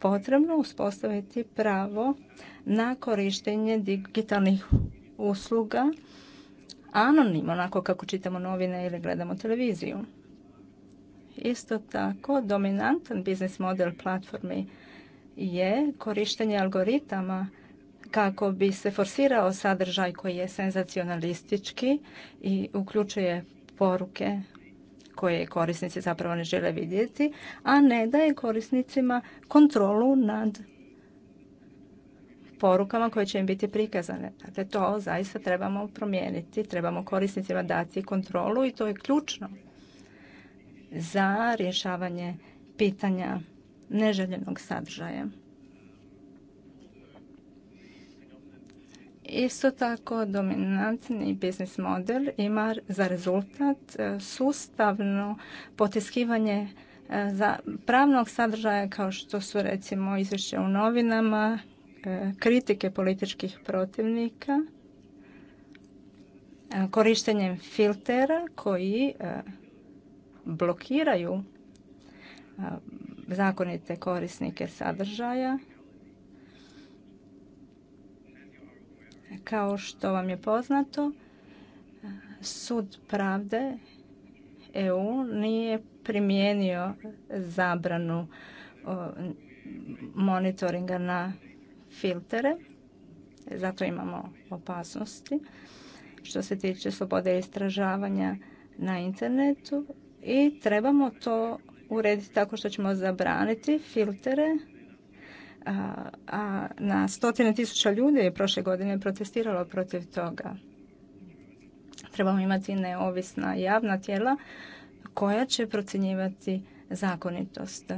potrebno uspostaviti pravo na korištenje digitalnih usluga anonimno, onako kako čitamo novine ili gledamo televiziju. Isto tako, dominantan biznis model platformi je korištenje algoritama kako bi se forsirao sadržaj koji je senzacionalistički i uključuje poruke koje korisnici zapravo ne žele vidjeti, a ne daje korisnicima kontrolu nad porukama koje će im biti prikazane. Dakle, to zaista trebamo promijeniti, trebamo korisnicima dati kontrolu i to je ključno za rješavanje pitanja neželjenog sadržaja. Isto tako, dominantni biznis model ima za rezultat e, sustavno potiskivanje e, za pravnog sadržaja kao što su recimo izvješće u novinama, e, kritike političkih protivnika, korištenjem filtera koji blokiraju zakonite korisnike sadržaja Kao što vam je poznato, Sud pravde EU nije primijenio zabranu monitoringa na filtere. Zato imamo opasnosti što se tiče slobode istražavanja na internetu i trebamo to urediti tako što ćemo zabraniti filtere a na stotine tisuća ljudi je prošle godine protestiralo protiv toga. Trebamo imati neovisna javna tijela koja će procjenjivati zakonitost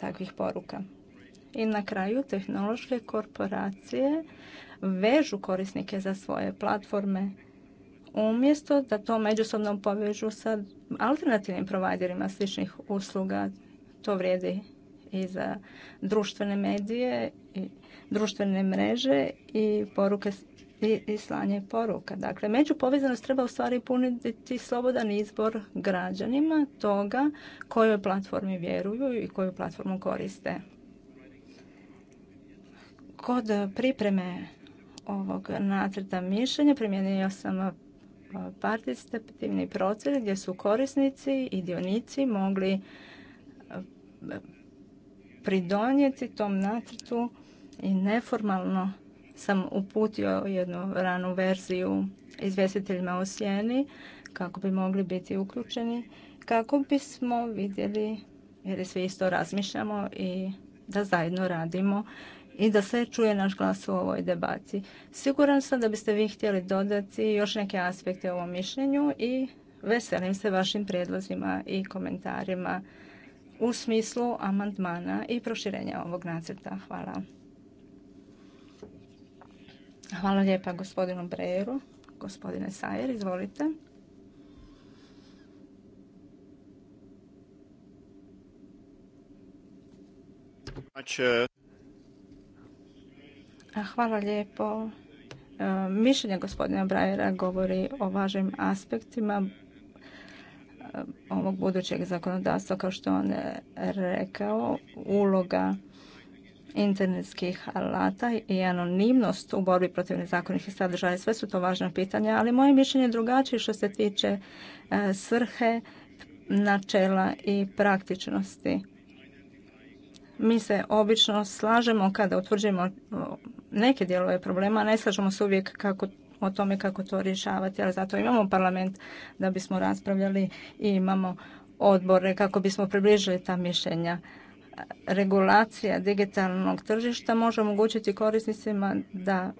takvih poruka. I na kraju tehnološke korporacije vežu korisnike za svoje platforme umjesto da to međusobno povežu sa alternativnim providerima sličnih usluga. To vrijedi i za društvene medije i društvene mreže i poruke i slanje poruka. Dakle, međupovezanost treba u stvari puniti slobodan izbor građanima toga kojoj platformi vjeruju i koju platformu koriste. Kod pripreme ovog nacrta mišljenja primijenio sam participativni proces gdje su korisnici i dionici mogli pridonijeti tom nacrtu i neformalno sam uputio jednu ranu verziju izvjestiteljima u sjeni kako bi mogli biti uključeni, kako bismo vidjeli jer svi isto razmišljamo i da zajedno radimo i da se čuje naš glas u ovoj debati. Siguran sam da biste vi htjeli dodati još neke aspekte ovom mišljenju i veselim se vašim prijedlozima i komentarima u smislu amandmana i proširenja ovog nacrta. Hvala. Hvala lijepa gospodinu Brejeru. Gospodine Sajer, izvolite. Hvala lijepo. E, mišljenje gospodina Brajera govori o važnim aspektima ovog budućeg zakonodavstva, kao što on eh, rekao, uloga internetskih alata i anonimnost u borbi protiv nezakonitih sadržaja. Sve su to važna pitanja, ali moje mišljenje je drugačije što se tiče eh, svrhe, načela i praktičnosti. Mi se obično slažemo kada utvrđujemo eh, neke dijelove problema, ne slažemo se uvijek kako o tome kako to rješavati, ali zato imamo parlament da bismo raspravljali i imamo odbore kako bismo približili ta mišljenja. Regulacija digitalnog tržišta može omogućiti korisnicima da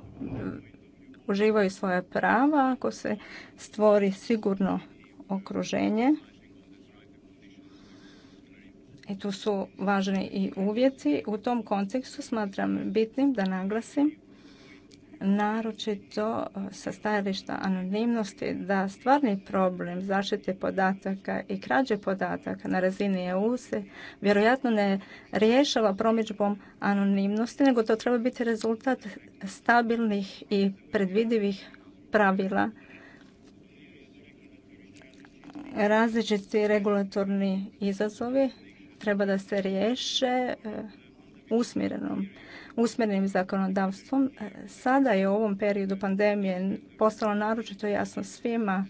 uživaju svoja prava ako se stvori sigurno okruženje. I tu su važni i uvjeti. U tom kontekstu smatram bitnim da naglasim naročito e, sa stajališta anonimnosti da stvarni problem zaštite podataka i krađe podataka na razini EU se vjerojatno ne rješava promidžbom anonimnosti, nego to treba biti rezultat stabilnih i predvidivih pravila različiti regulatorni izazovi treba da se riješe e, usmjerenom, usmjerenim zakonodavstvom. E, sada je u ovom periodu pandemije postalo naročito jasno svima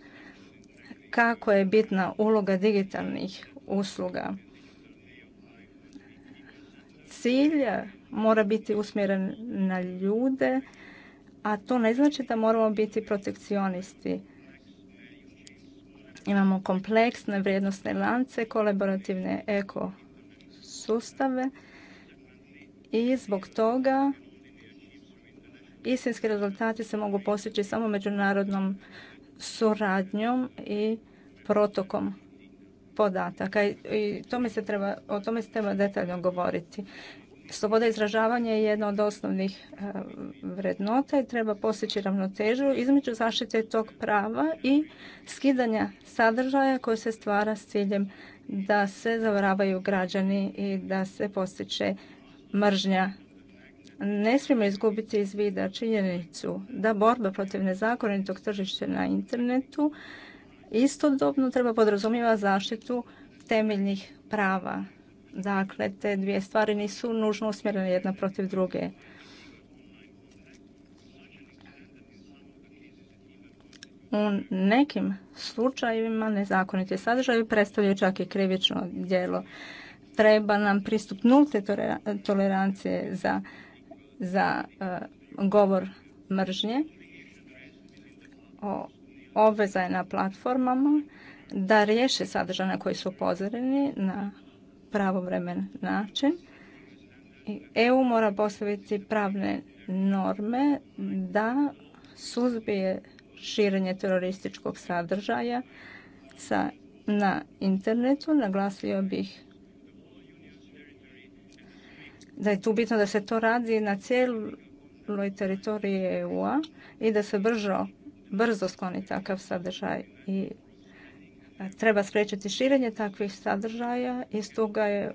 kako je bitna uloga digitalnih usluga. Cilj mora biti usmjeren na ljude, a to ne znači da moramo biti protekcionisti. Imamo kompleksne vrijednostne lance, kolaborativne eko sustave i zbog toga istinski rezultati se mogu postići samo međunarodnom suradnjom i protokom podataka i tome se treba, o tome se treba detaljno govoriti. Sloboda izražavanja je jedna od osnovnih e, vrednota i treba postići ravnotežu između zaštite tog prava i skidanja sadržaja koje se stvara s ciljem da se zavaravaju građani i da se postiče mržnja. Ne smijemo izgubiti iz vida činjenicu da borba protiv nezakonitog tržišta na internetu istodobno treba podrazumijeva zaštitu temeljnih prava. Dakle, te dvije stvari nisu nužno usmjerene jedna protiv druge. U nekim slučajevima nezakoniti sadržaji predstavljaju čak i krivično djelo treba nam pristup nulte tolerancije za, za e, govor mržnje. O, obveza na platformama da riješe sadržane koji su upozoreni na pravovremen način. EU mora postaviti pravne norme da suzbije širenje terorističkog sadržaja sa, na internetu. Naglasio bih da je tu bitno da se to radi na cijeloj teritoriji EU-a i da se brzo, brzo skloni takav sadržaj i e, treba spriječiti širenje takvih sadržaja i stoga je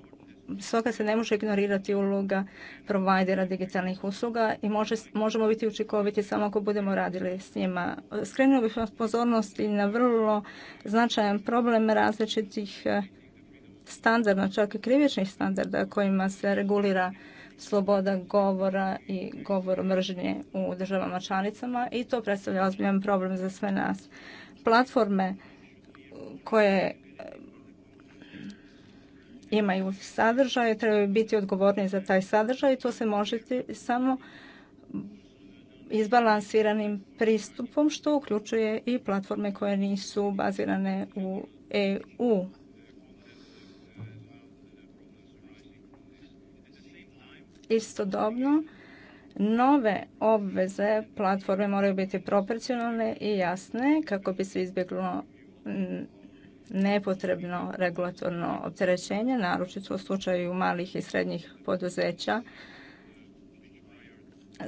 stoga se ne može ignorirati uloga provajdera digitalnih usluga i možemo biti učinkoviti samo ako budemo radili s njima. Skrenuo bih vas pozornost i na vrlo značajan problem različitih e, standardno, čak i krivičnih standarda kojima se regulira sloboda govora i govor mržnje u državama članicama i to predstavlja ozbiljan problem za sve nas. Platforme koje eh, imaju sadržaje trebaju biti odgovorni za taj sadržaj i to se može samo izbalansiranim pristupom što uključuje i platforme koje nisu bazirane u EU. Istodobno, nove obveze platforme moraju biti proporcionalne i jasne kako bi se izbjeglo mm, nepotrebno regulatorno opterećenje, naročito u slučaju malih i srednjih poduzeća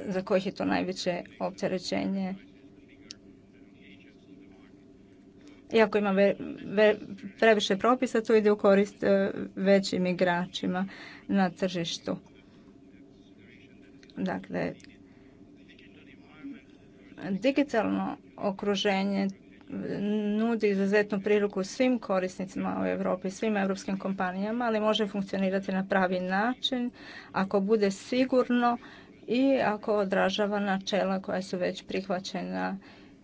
za kojih je to najveće opterećenje. Iako ima previše propisa, to ide u korist e, većim igračima na tržištu. Dakle, digitalno okruženje nudi izuzetnu priliku svim korisnicima u Europi, svim europskim kompanijama, ali može funkcionirati na pravi način ako bude sigurno i ako odražava načela koja su već prihvaćena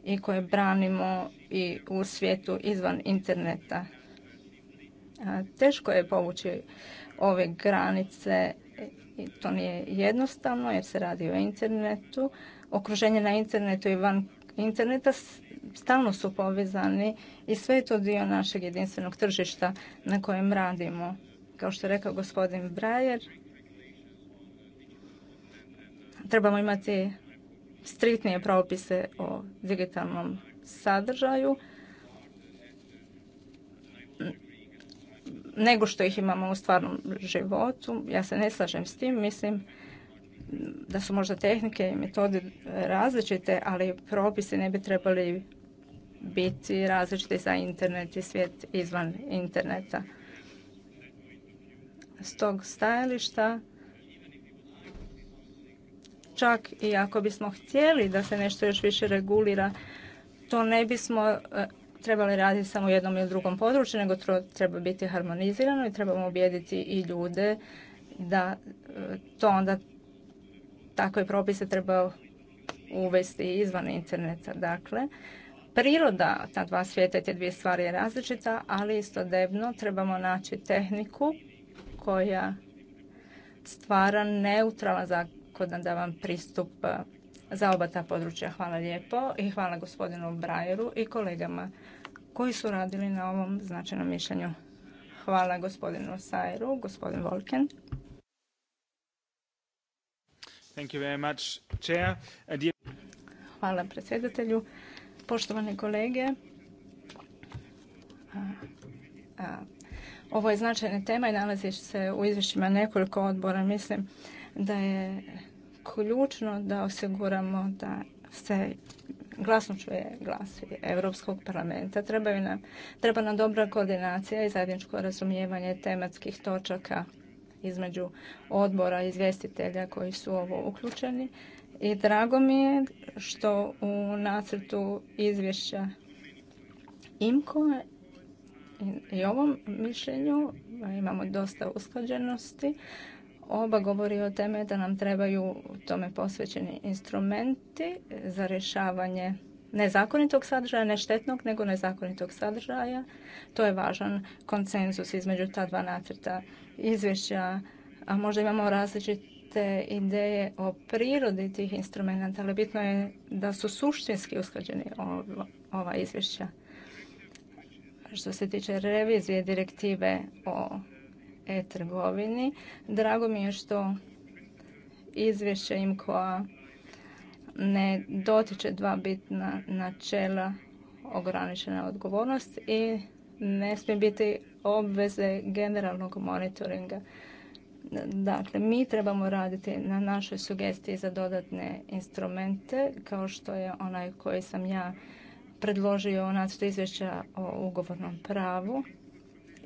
i koje branimo i u svijetu izvan interneta. Teško je povući ove granice E, to nije jednostavno jer se radi o internetu. Okruženje na internetu i van interneta stalno su povezani i sve je to dio našeg jedinstvenog tržišta na kojem radimo. Kao što je rekao gospodin Brajer, trebamo imati striktnije propise o digitalnom sadržaju nego što ih imamo u stvarnom životu. Ja se ne slažem s tim, mislim da su možda tehnike i metode različite, ali propisi ne bi trebali biti različiti za internet i svijet izvan interneta. S tog stajališta čak i ako bismo htjeli da se nešto još više regulira, to ne bismo trebali raditi samo u jednom ili drugom području, nego treba biti harmonizirano i trebamo objediti i ljude da e, to onda takve propise treba uvesti izvan interneta. Dakle, priroda ta dva svijeta, te dvije stvari je različita, ali istodobno trebamo naći tehniku koja stvara neutralan vam pristup e, za oba ta područja. Hvala lijepo i hvala gospodinu Brajeru i kolegama koji su radili na ovom značajnom mišljenju. Hvala gospodinu Sajru, gospodin Volken. Uh, Hvala predsjedatelju. Poštovane kolege, uh, uh, ovo je značajna tema i nalazi se u izvješćima nekoliko odbora. Mislim da je ključno da osiguramo da se glasno čuje glas Europskog parlamenta. Treba nam, dobra koordinacija i zajedničko razumijevanje tematskih točaka između odbora i izvjestitelja koji su ovo uključeni. I drago mi je što u nacrtu izvješća IMKO i ovom mišljenju imamo dosta usklađenosti, oba govori o teme da nam trebaju tome posvećeni instrumenti za rješavanje nezakonitog sadržaja, ne štetnog, nego nezakonitog sadržaja. To je važan konsenzus između ta dva nacrta izvješća, a možda imamo različite ideje o prirodi tih instrumenta, ali bitno je da su suštinski usklađeni ova izvješća. Što se tiče revizije direktive o e-trgovini. Drago mi je što izvješće im koja ne dotiče dva bitna načela ograničena odgovornost i ne smije biti obveze generalnog monitoringa. Dakle, mi trebamo raditi na našoj sugestiji za dodatne instrumente, kao što je onaj koji sam ja predložio u nacrtu izvješća o ugovornom pravu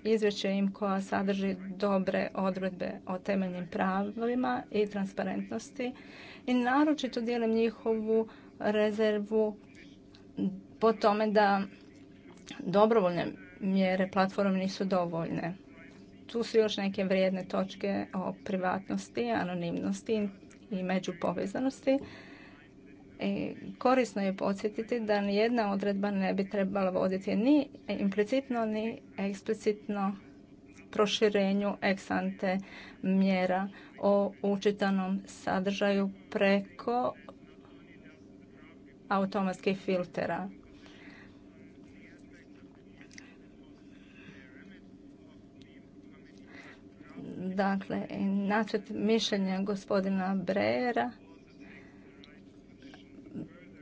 izvješće im koja sadrži dobre odredbe o temeljnim pravima i transparentnosti i naročito dijelim njihovu rezervu po tome da dobrovoljne mjere platforme nisu dovoljne. Tu su još neke vrijedne točke o privatnosti, anonimnosti i međupovezanosti korisno je podsjetiti da nijedna odredba ne bi trebala voditi ni implicitno ni eksplicitno proširenju eksante mjera o učitanom sadržaju preko automatskih filtera. Dakle, nacrt mišljenja gospodina Brejera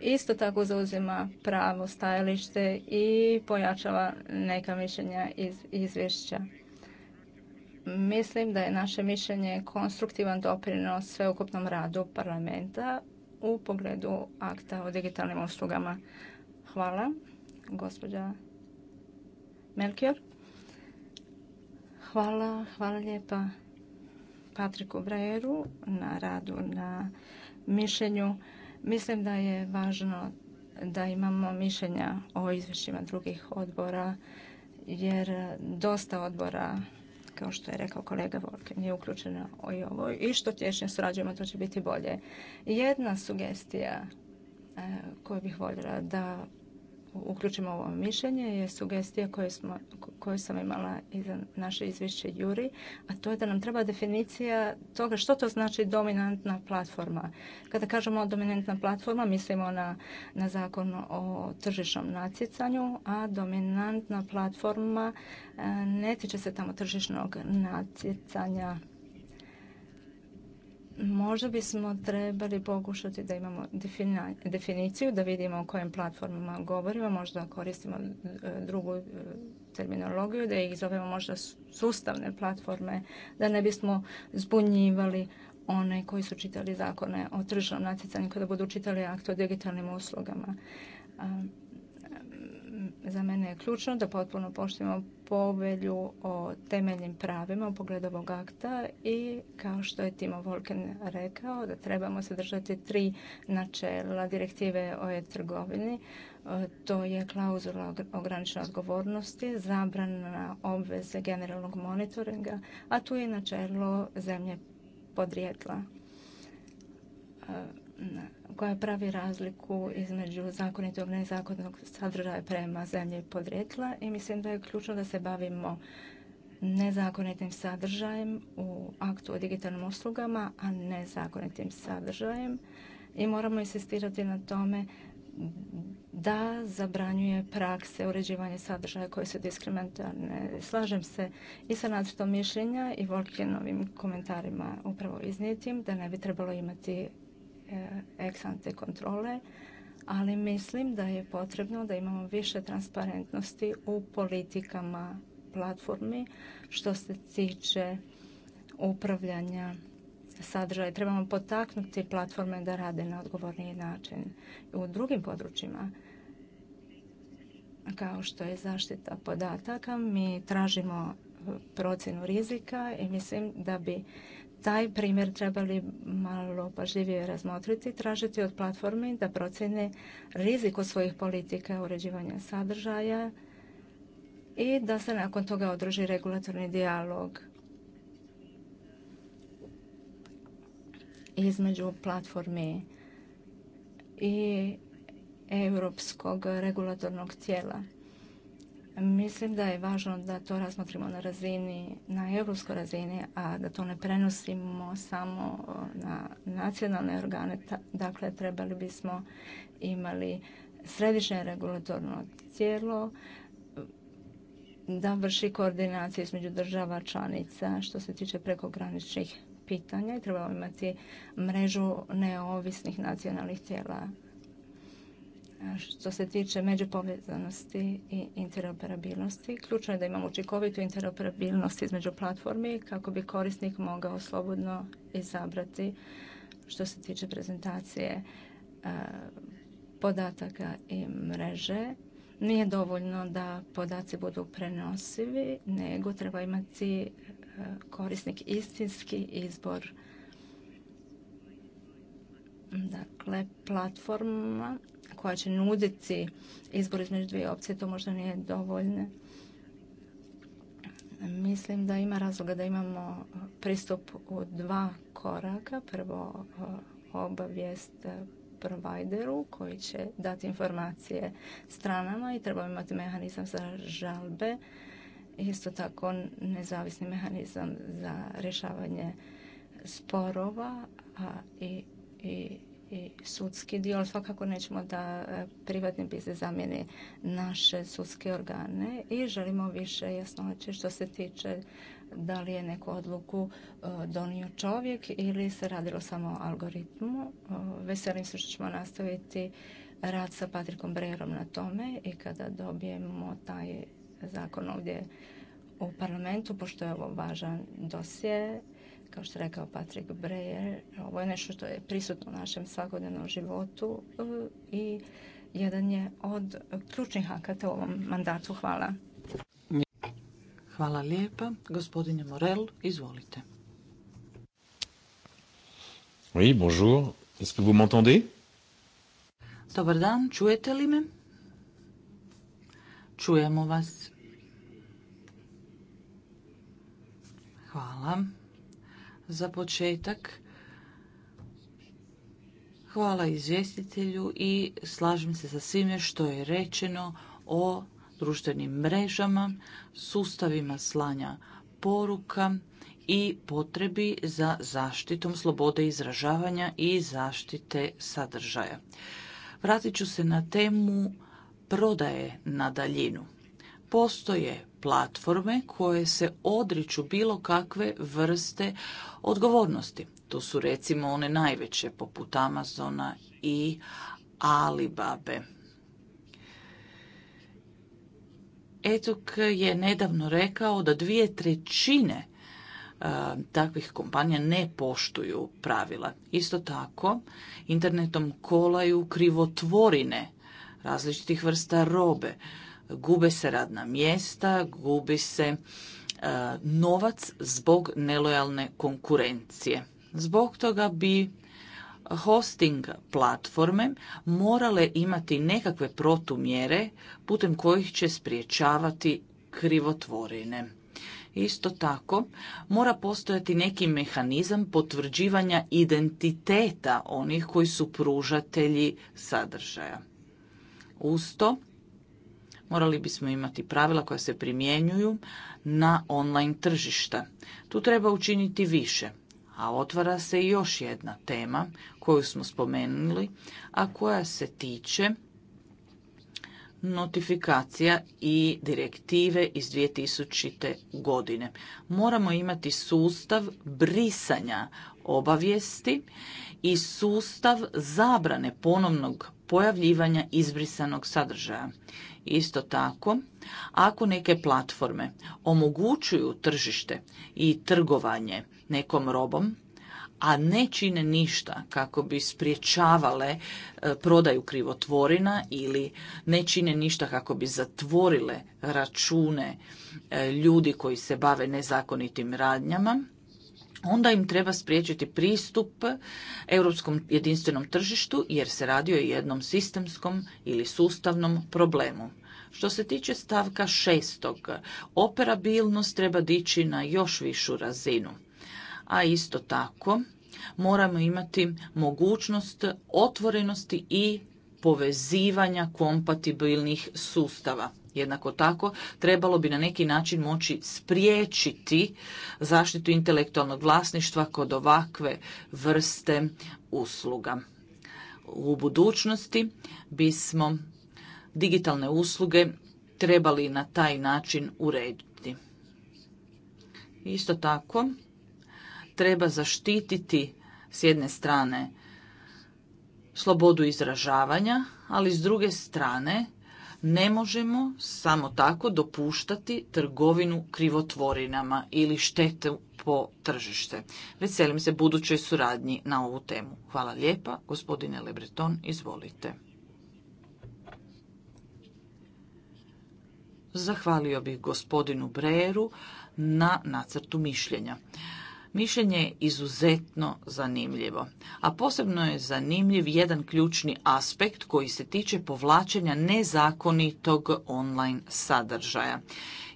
isto tako zauzima pravo stajalište i pojačava neka mišljenja iz izvješća. Mislim da je naše mišljenje konstruktivan doprinos sveukupnom radu parlamenta u pogledu akta o digitalnim uslugama. Hvala, gospođa Melkior. Hvala, hvala lijepa Patriku Brejeru na radu na mišljenju. Mislim da je važno da imamo mišljenja o izvješćima drugih odbora, jer dosta odbora, kao što je rekao kolega Volken, je uključeno i ovo. I što tješnje surađujemo, to će biti bolje. Jedna sugestija e, koju bih voljela da uključimo ovo mišljenje je sugestija koju, smo, sam imala i za naše izvješće Juri, a to je da nam treba definicija toga što to znači dominantna platforma. Kada kažemo dominantna platforma, mislimo na, na zakon o tržišnom natjecanju, a dominantna platforma e, ne tiče se tamo tržišnog natjecanja možda bismo trebali pokušati da imamo definiciju, da vidimo o kojim platformama govorimo, možda koristimo e, drugu e, terminologiju, da ih zovemo možda sustavne platforme, da ne bismo zbunjivali one koji su čitali zakone o tržnom natjecanju kada budu čitali akt o digitalnim uslugama. Za mene je ključno da potpuno poštujemo povelju o temeljnim pravima u pogledu ovog akta i kao što je Timo Volken rekao da trebamo se držati tri načela direktive o e-trgovini. E, to je klauzula ograničene odgovornosti, zabrana obveze generalnog monitoringa, a tu je načelo zemlje podrijetla e, koja pravi razliku između zakonitog i nezakonitog sadržaja prema zemlji podrijetla i mislim da je ključno da se bavimo nezakonitim sadržajem u aktu o digitalnim uslugama, a nezakonitim sadržajem i moramo insistirati na tome da zabranjuje prakse uređivanja sadržaja koje su diskriminatorne. Slažem se i sa nacrtom mišljenja i Volkinovim komentarima upravo iznijetim da ne bi trebalo imati eksante eh, kontrole, ali mislim da je potrebno da imamo više transparentnosti u politikama platformi što se tiče upravljanja sadržaja. Trebamo potaknuti platforme da rade na odgovorniji način. U drugim područjima, kao što je zaštita podataka, mi tražimo eh, procjenu rizika i mislim da bi taj primjer trebali malo pažljivije razmotriti, tražiti od platformi da procjene rizik od svojih politika uređivanja sadržaja i da se nakon toga održi regulatorni dijalog između platformi i europskog regulatornog tijela. Mislim da je važno da to razmotrimo na razini, na europskoj razini, a da to ne prenosimo samo na nacionalne organe. Dakle, trebali bismo imali središnje regulatorno tijelo da vrši koordinaciju između država članica što se tiče prekograničnih pitanja i trebamo imati mrežu neovisnih nacionalnih tijela što se tiče međupovezanosti i interoperabilnosti. Ključno je da imamo učinkovitu interoperabilnost između platformi kako bi korisnik mogao slobodno izabrati što se tiče prezentacije e, podataka i mreže. Nije dovoljno da podaci budu prenosivi, nego treba imati e, korisnik istinski izbor. Dakle, platforma koja će nuditi izbor između dvije opcije, to možda nije dovoljno. Mislim da ima razloga da imamo pristup u dva koraka. Prvo eh, obavijest eh, provideru koji će dati informacije stranama i treba imati mehanizam za žalbe. Isto tako nezavisni mehanizam za rješavanje sporova i, i i sudski dio, ali svakako nećemo da e, privatni biznis zamijeni naše sudske organe i želimo više jasnoće što se tiče da li je neku odluku e, donio čovjek ili se radilo samo o algoritmu. E, veselim se što ćemo nastaviti rad sa Patrikom Brejerom na tome i kada dobijemo taj zakon ovdje u parlamentu, pošto je ovo važan dosje, kao što je rekao Patrick Breyer, ovo je nešto što je prisutno u našem svakodnevnom životu e, i jedan je od ključnih akata u ovom mandatu. Hvala. Hvala lijepa. Gospodine Morel, izvolite. Oui, bonjour. Est-ce que vous m'entendez? Dobar dan, čujete li me? Čujemo vas. Hvala. Za početak, hvala izvjestitelju i slažem se sa svime što je rečeno o društvenim mrežama, sustavima slanja poruka i potrebi za zaštitom slobode izražavanja i zaštite sadržaja. Vratit ću se na temu prodaje na daljinu. Postoje platforme koje se odriču bilo kakve vrste odgovornosti. To su recimo one najveće poput Amazona i Alibabe. Etuk je nedavno rekao da dvije trećine e, takvih kompanija ne poštuju pravila. Isto tako, internetom kolaju krivotvorine različitih vrsta robe gube se radna mjesta, gubi se e, novac zbog nelojalne konkurencije. Zbog toga bi hosting platforme morale imati nekakve protumjere putem kojih će spriječavati krivotvorine. Isto tako, mora postojati neki mehanizam potvrđivanja identiteta onih koji su pružatelji sadržaja. Uz to, morali bismo imati pravila koja se primjenjuju na online tržišta. Tu treba učiniti više, a otvara se i još jedna tema koju smo spomenuli, a koja se tiče notifikacija i direktive iz 2000. godine. Moramo imati sustav brisanja obavijesti i sustav zabrane ponovnog pojavljivanja izbrisanog sadržaja. Isto tako, ako neke platforme omogućuju tržište i trgovanje nekom robom, a ne čine ništa kako bi spriječavale e, prodaju krivotvorina ili ne čine ništa kako bi zatvorile račune e, ljudi koji se bave nezakonitim radnjama, onda im treba spriječiti pristup europskom jedinstvenom tržištu jer se radi o jednom sistemskom ili sustavnom problemu. Što se tiče stavka šestog, operabilnost treba dići na još višu razinu. A isto tako moramo imati mogućnost otvorenosti i povezivanja kompatibilnih sustava. Jednako tako trebalo bi na neki način moći spriječiti zaštitu intelektualnog vlasništva kod ovakve vrste usluga. U budućnosti bismo digitalne usluge trebali na taj način urediti. Isto tako treba zaštititi s jedne strane slobodu izražavanja, ali s druge strane ne možemo samo tako dopuštati trgovinu krivotvorinama ili štetu po tržište. Veselim se budućoj suradnji na ovu temu. Hvala lijepa. Gospodine Lebreton, izvolite. Zahvalio bih gospodinu Breru na nacrtu mišljenja. Mišljenje je izuzetno zanimljivo, a posebno je zanimljiv jedan ključni aspekt koji se tiče povlačenja nezakonitog online sadržaja.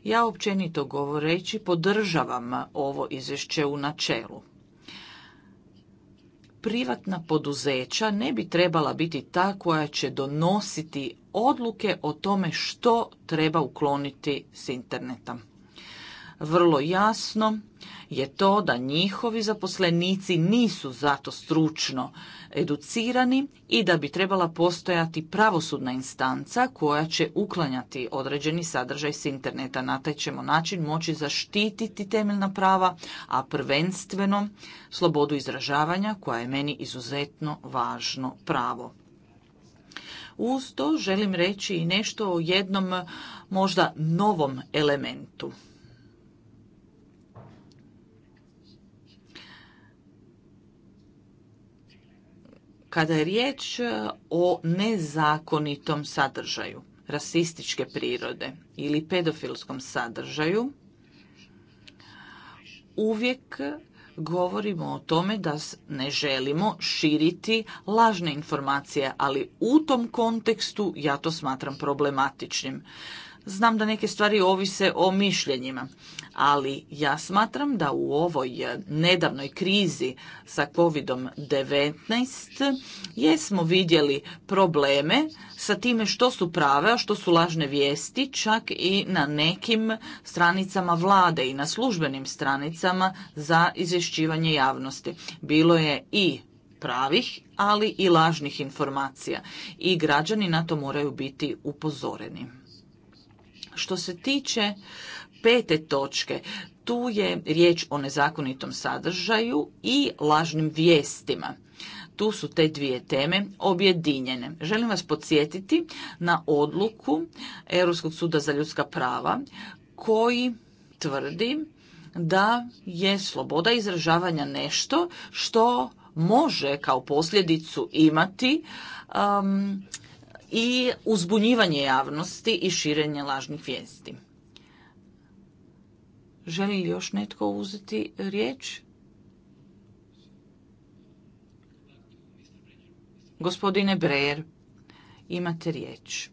Ja općenito govoreći podržavam ovo izvješće u načelu privatna poduzeća ne bi trebala biti ta koja će donositi odluke o tome što treba ukloniti s interneta vrlo jasno je to da njihovi zaposlenici nisu zato stručno educirani i da bi trebala postojati pravosudna instanca koja će uklanjati određeni sadržaj s interneta. Na taj ćemo način moći zaštititi temeljna prava, a prvenstveno slobodu izražavanja koja je meni izuzetno važno pravo. Uz to želim reći i nešto o jednom možda novom elementu kada je riječ e, o nezakonitom sadržaju, rasističke prirode ili pedofilskom sadržaju, uvijek govorimo o tome da ne želimo širiti lažne informacije, ali u tom kontekstu ja to smatram problematičnim. Znam da neke stvari ovise o mišljenjima ali ja smatram da u ovoj nedavnoj krizi sa COVID-19 jesmo vidjeli probleme sa time što su prave, a što su lažne vijesti, čak i na nekim stranicama vlade i na službenim stranicama za izvješćivanje javnosti. Bilo je i pravih, ali i lažnih informacija i građani na to moraju biti upozoreni. Što se tiče pete točke. Tu je riječ o nezakonitom sadržaju i lažnim vijestima. Tu su te dvije teme objedinjene. Želim vas podsjetiti na odluku Europskog suda za ljudska prava koji tvrdi da je sloboda izražavanja nešto što može kao posljedicu imati um, i uzbunjivanje javnosti i širenje lažnih vijesti. Želi li još netko uzeti riječ? Gospodine Brejer, imate riječ.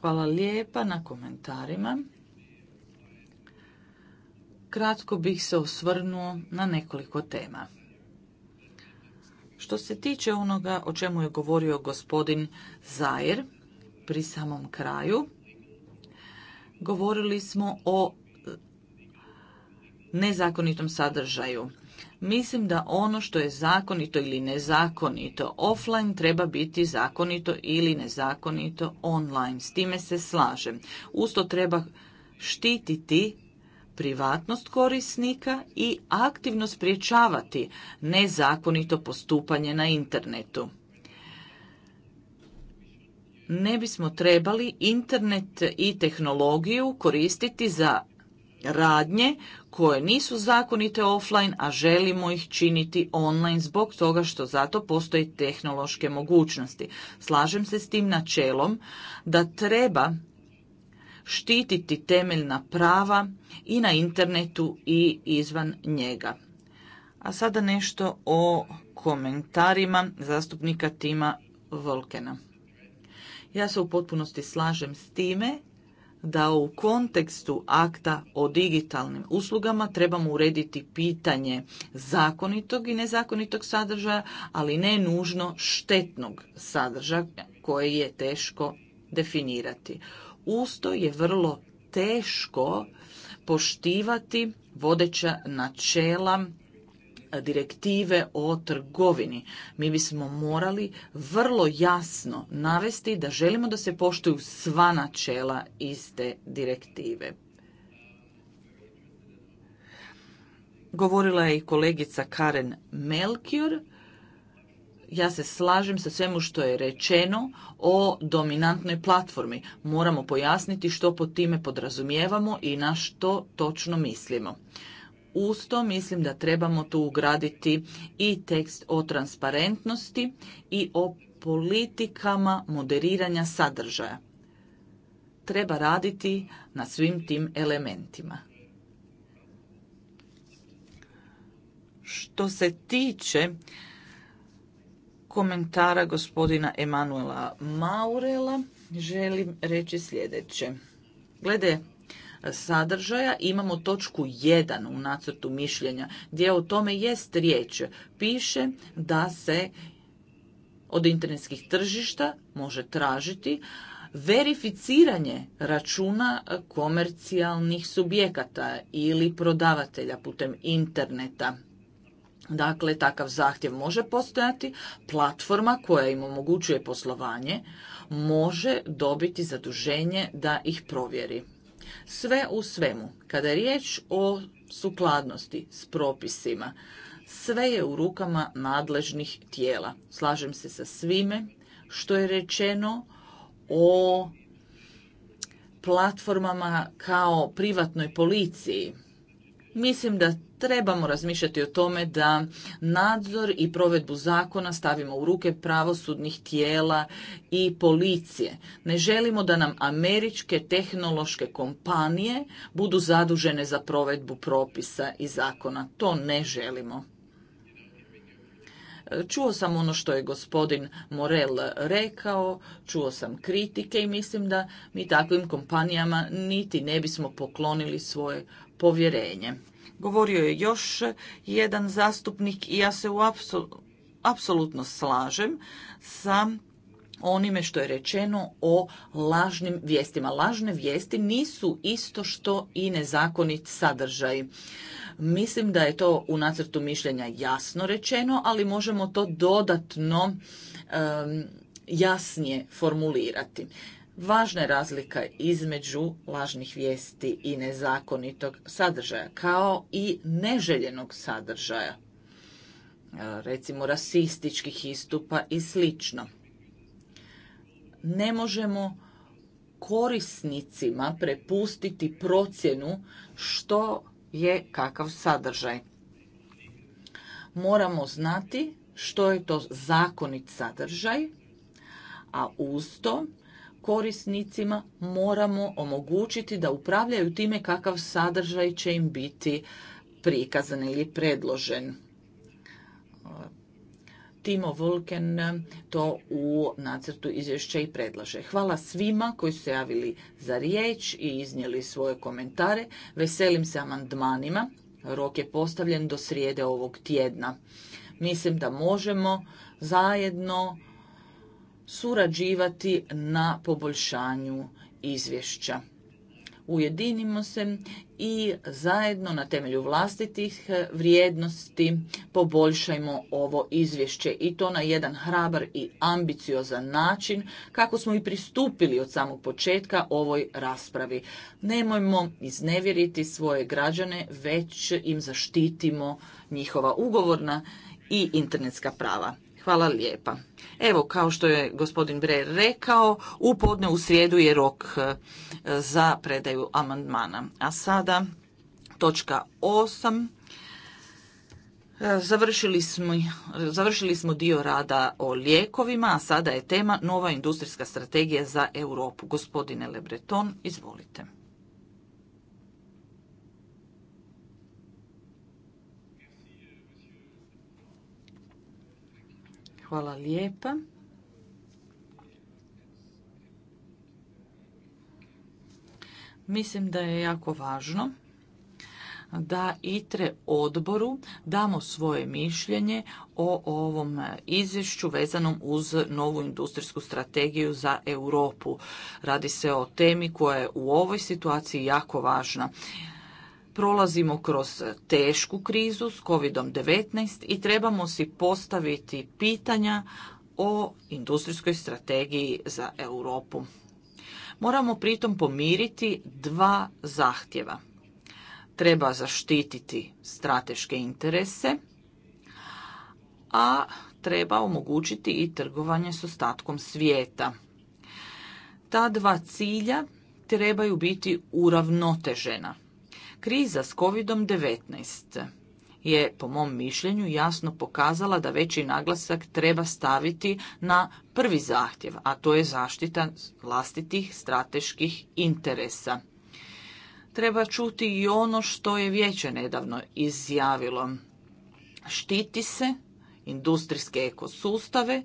Hvala lijepa na komentarima. Kratko bih se osvrnuo na nekoliko tema. Što se tiče onoga o čemu je govorio gospodin Zajer pri samom kraju, govorili smo o e, nezakonitom sadržaju. Mislim da ono što je zakonito ili nezakonito offline treba biti zakonito ili nezakonito online. S time se slažem. Usto treba štititi privatnost korisnika i aktivno spriječavati nezakonito postupanje na internetu. Ne bismo trebali internet i tehnologiju koristiti za radnje koje nisu zakonite offline, a želimo ih činiti online zbog toga što zato postoje tehnološke mogućnosti. Slažem se s tim načelom da treba štititi temeljna prava i na internetu i izvan njega. A sada nešto o komentarima zastupnika Tima Volkena. Ja se u potpunosti slažem s time da u kontekstu akta o digitalnim uslugama trebamo urediti pitanje zakonitog i nezakonitog sadržaja, ali ne nužno štetnog sadržaja koje je teško definirati usto je vrlo teško poštivati vodeća načela direktive o trgovini. Mi bismo morali vrlo jasno navesti da želimo da se poštuju sva načela iste direktive. Govorila je i kolegica Karen Melkior ja se slažem sa svemu što je rečeno o dominantnoj platformi. Moramo pojasniti što pod time podrazumijevamo i na što točno mislimo. Uz to mislim da trebamo tu ugraditi i tekst o transparentnosti i o politikama moderiranja sadržaja. Treba raditi na svim tim elementima. Što se tiče komentara gospodina Emanuela Maurela želim reći sljedeće. Glede sadržaja imamo točku 1 u nacrtu mišljenja gdje o tome jest riječ. Piše da se od internetskih tržišta može tražiti verificiranje računa komercijalnih subjekata ili prodavatelja putem interneta. Dakle, takav zahtjev može postojati, platforma koja im omogućuje poslovanje može dobiti zaduženje da ih provjeri. Sve u svemu, kada je riječ o sukladnosti s propisima, sve je u rukama nadležnih tijela. Slažem se sa svime što je rečeno o platformama kao privatnoj policiji Mislim da trebamo razmišljati o tome da nadzor i provedbu zakona stavimo u ruke pravosudnih tijela i policije. Ne želimo da nam američke tehnološke kompanije budu zadužene za provedbu propisa i zakona. To ne želimo. Čuo sam ono što je gospodin Morel rekao, čuo sam kritike i mislim da mi takvim kompanijama niti ne bismo poklonili svoje povjerenje. Govorio je još jedan zastupnik i ja se u apsolutno slažem sa onime što je rečeno o lažnim vijestima. Lažne vijesti nisu isto što i nezakonit sadržaj. Mislim da je to u nacrtu mišljenja jasno rečeno, ali možemo to dodatno jasnije formulirati. Važna je razlika između lažnih vijesti i nezakonitog sadržaja, kao i neželjenog sadržaja, e, recimo rasističkih istupa i slično. Ne možemo korisnicima prepustiti procjenu što je kakav sadržaj. Moramo znati što je to zakonit sadržaj, a uz to korisnicima moramo omogućiti da upravljaju time kakav sadržaj će im biti prikazan ili predložen. Timo Volken to u nacrtu izvješća i predlaže. Hvala svima koji su se javili za riječ i iznijeli svoje komentare. Veselim se amandmanima. Rok je postavljen do srijede ovog tjedna. Mislim da možemo zajedno surađivati na poboljšanju izvješća. Ujedinimo se i zajedno na temelju vlastitih vrijednosti poboljšajmo ovo izvješće i to na jedan hrabar i ambiciozan način kako smo i pristupili od samog početka ovoj raspravi. Nemojmo iznevjeriti svoje građane, već im zaštitimo njihova ugovorna i internetska prava. Hvala lijepa. Evo, kao što je gospodin Bre rekao, u podne u srijedu je rok e, za predaju amandmana. A sada točka 8. E, završili smo, završili smo dio rada o lijekovima, a sada je tema nova industrijska strategija za Europu. Gospodine Lebreton, izvolite. Hvala lijepa. Mislim da je jako važno da ITRE odboru damo svoje mišljenje o ovom izvješću vezanom uz novu industrijsku strategiju za Europu. Radi se o temi koja je u ovoj situaciji jako važna prolazimo kroz tešku krizu s COVID-19 i trebamo si postaviti pitanja o industrijskoj strategiji za Europu. Moramo pritom pomiriti dva zahtjeva. Treba zaštititi strateške interese, a treba omogućiti i trgovanje s ostatkom svijeta. Ta dva cilja trebaju biti uravnotežena. Kriza s COVID-19 je, po mom mišljenju, jasno pokazala da veći naglasak treba staviti na prvi zahtjev, a to je zaštita vlastitih strateških interesa. Treba čuti i ono što je vijeće nedavno izjavilo. Štiti se industrijske ekosustave,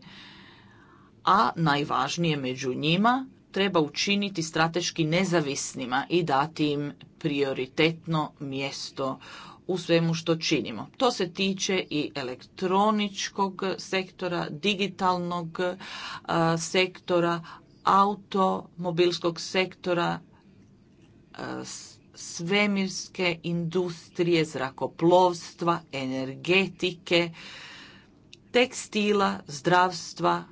a najvažnije među njima treba učiniti strateški nezavisnima i dati im prioritetno mjesto u svemu što činimo. To se tiče i elektroničkog sektora, digitalnog sektora, automobilskog sektora, svemirske industrije, zrakoplovstva, energetike, tekstila, zdravstva,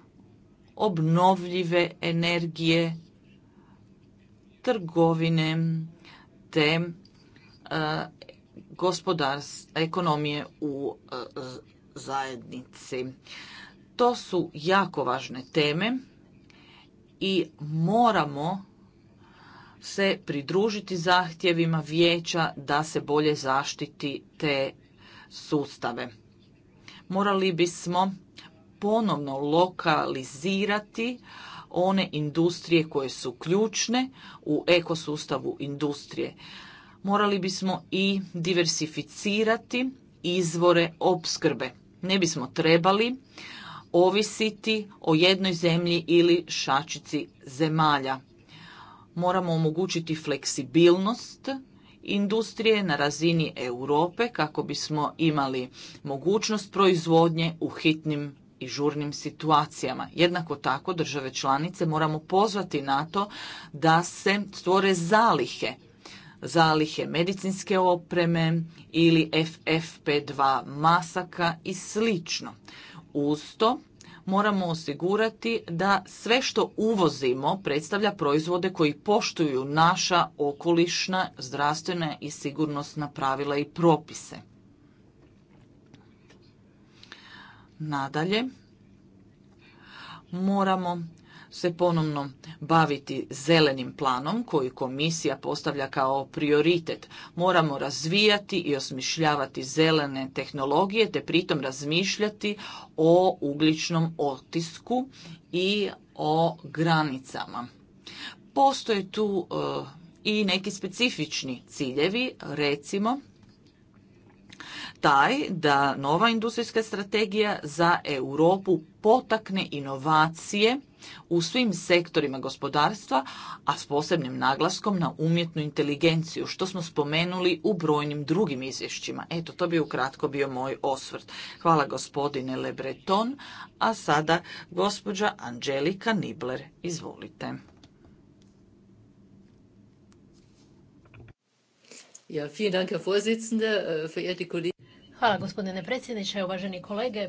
obnovljive energije, trgovine te e, gospodarske ekonomije u e, zajednici. To su jako važne teme i moramo se pridružiti zahtjevima vijeća da se bolje zaštiti te sustave. Morali bismo ponovno lokalizirati one industrije koje su ključne u ekosustavu industrije. Morali bismo i diversificirati izvore opskrbe. Ne bismo trebali ovisiti o jednoj zemlji ili šačici zemalja. Moramo omogućiti fleksibilnost industrije na razini Europe kako bismo imali mogućnost proizvodnje u hitnim i žurnim situacijama. Jednako tako države članice moramo pozvati na to da se stvore zalihe zalihe medicinske opreme ili FFP2 masaka i slično. Uz to moramo osigurati da sve što uvozimo predstavlja proizvode koji poštuju naša okolišna, zdravstvena i sigurnosna pravila i propise. Nadalje, moramo se ponovno baviti zelenim planom koji komisija postavlja kao prioritet. Moramo razvijati i osmišljavati zelene tehnologije te pritom razmišljati o ugličnom otisku i o granicama. Postoje tu e, i neki specifični ciljevi, recimo taj da nova industrijska strategija za Europu potakne inovacije u svim sektorima gospodarstva, a s posebnim naglaskom na umjetnu inteligenciju, što smo spomenuli u brojnim drugim izvješćima. Eto, to bi ukratko bio moj osvrt. Hvala gospodine Lebreton, a sada gospođa Anđelika Nibler. Izvolite. Ja, vielen Dank, Herr äh, verehrte Hvala gospodine predsjedniče, uvaženi kolege.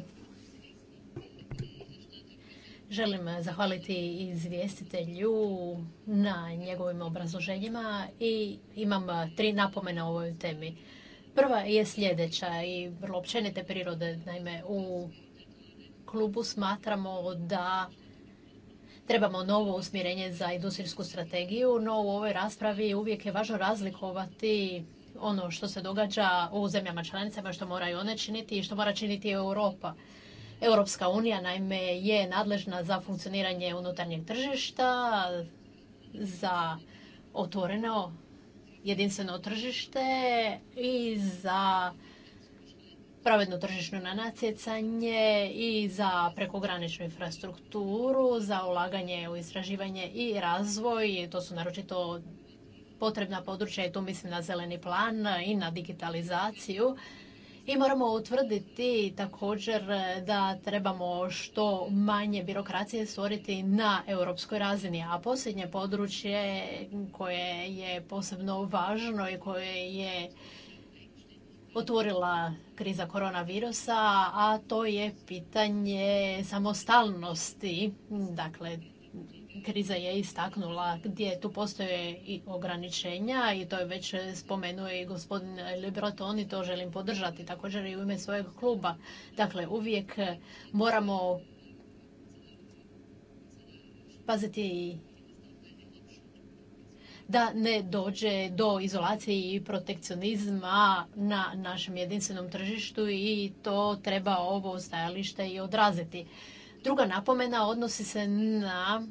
Želim zahvaliti izvjestitelju na njegovim obrazloženjima i imam tri napomena o ovoj temi. Prva je sljedeća i vrlo općenite prirode. Naime, u klubu smatramo da trebamo novo usmjerenje za industrijsku strategiju, no u ovoj raspravi uvijek je važno razlikovati ono što se događa u zemljama članicama, što moraju one činiti i što mora činiti Europa. Europska unija naime je nadležna za funkcioniranje unutarnjeg tržišta, za otvoreno jedinstveno tržište i za pravedno tržišno nanacjecanje i za prekograničnu infrastrukturu, za ulaganje u istraživanje i razvoj. To su naročito potrebna područja i tu mislim na zeleni plan i na digitalizaciju. I moramo utvrditi također da trebamo što manje birokracije stvoriti na europskoj razini. A posljednje područje koje je posebno važno i koje je otvorila kriza koronavirusa, a to je pitanje samostalnosti. Dakle, kriza je istaknula gdje tu postoje i ograničenja i to je već spomenuo i gospodin Libroton i to želim podržati također i u ime svojeg kluba. Dakle, uvijek moramo paziti da ne dođe do izolacije i protekcionizma na našem jedinstvenom tržištu i to treba ovo stajalište i odraziti. Druga napomena odnosi se na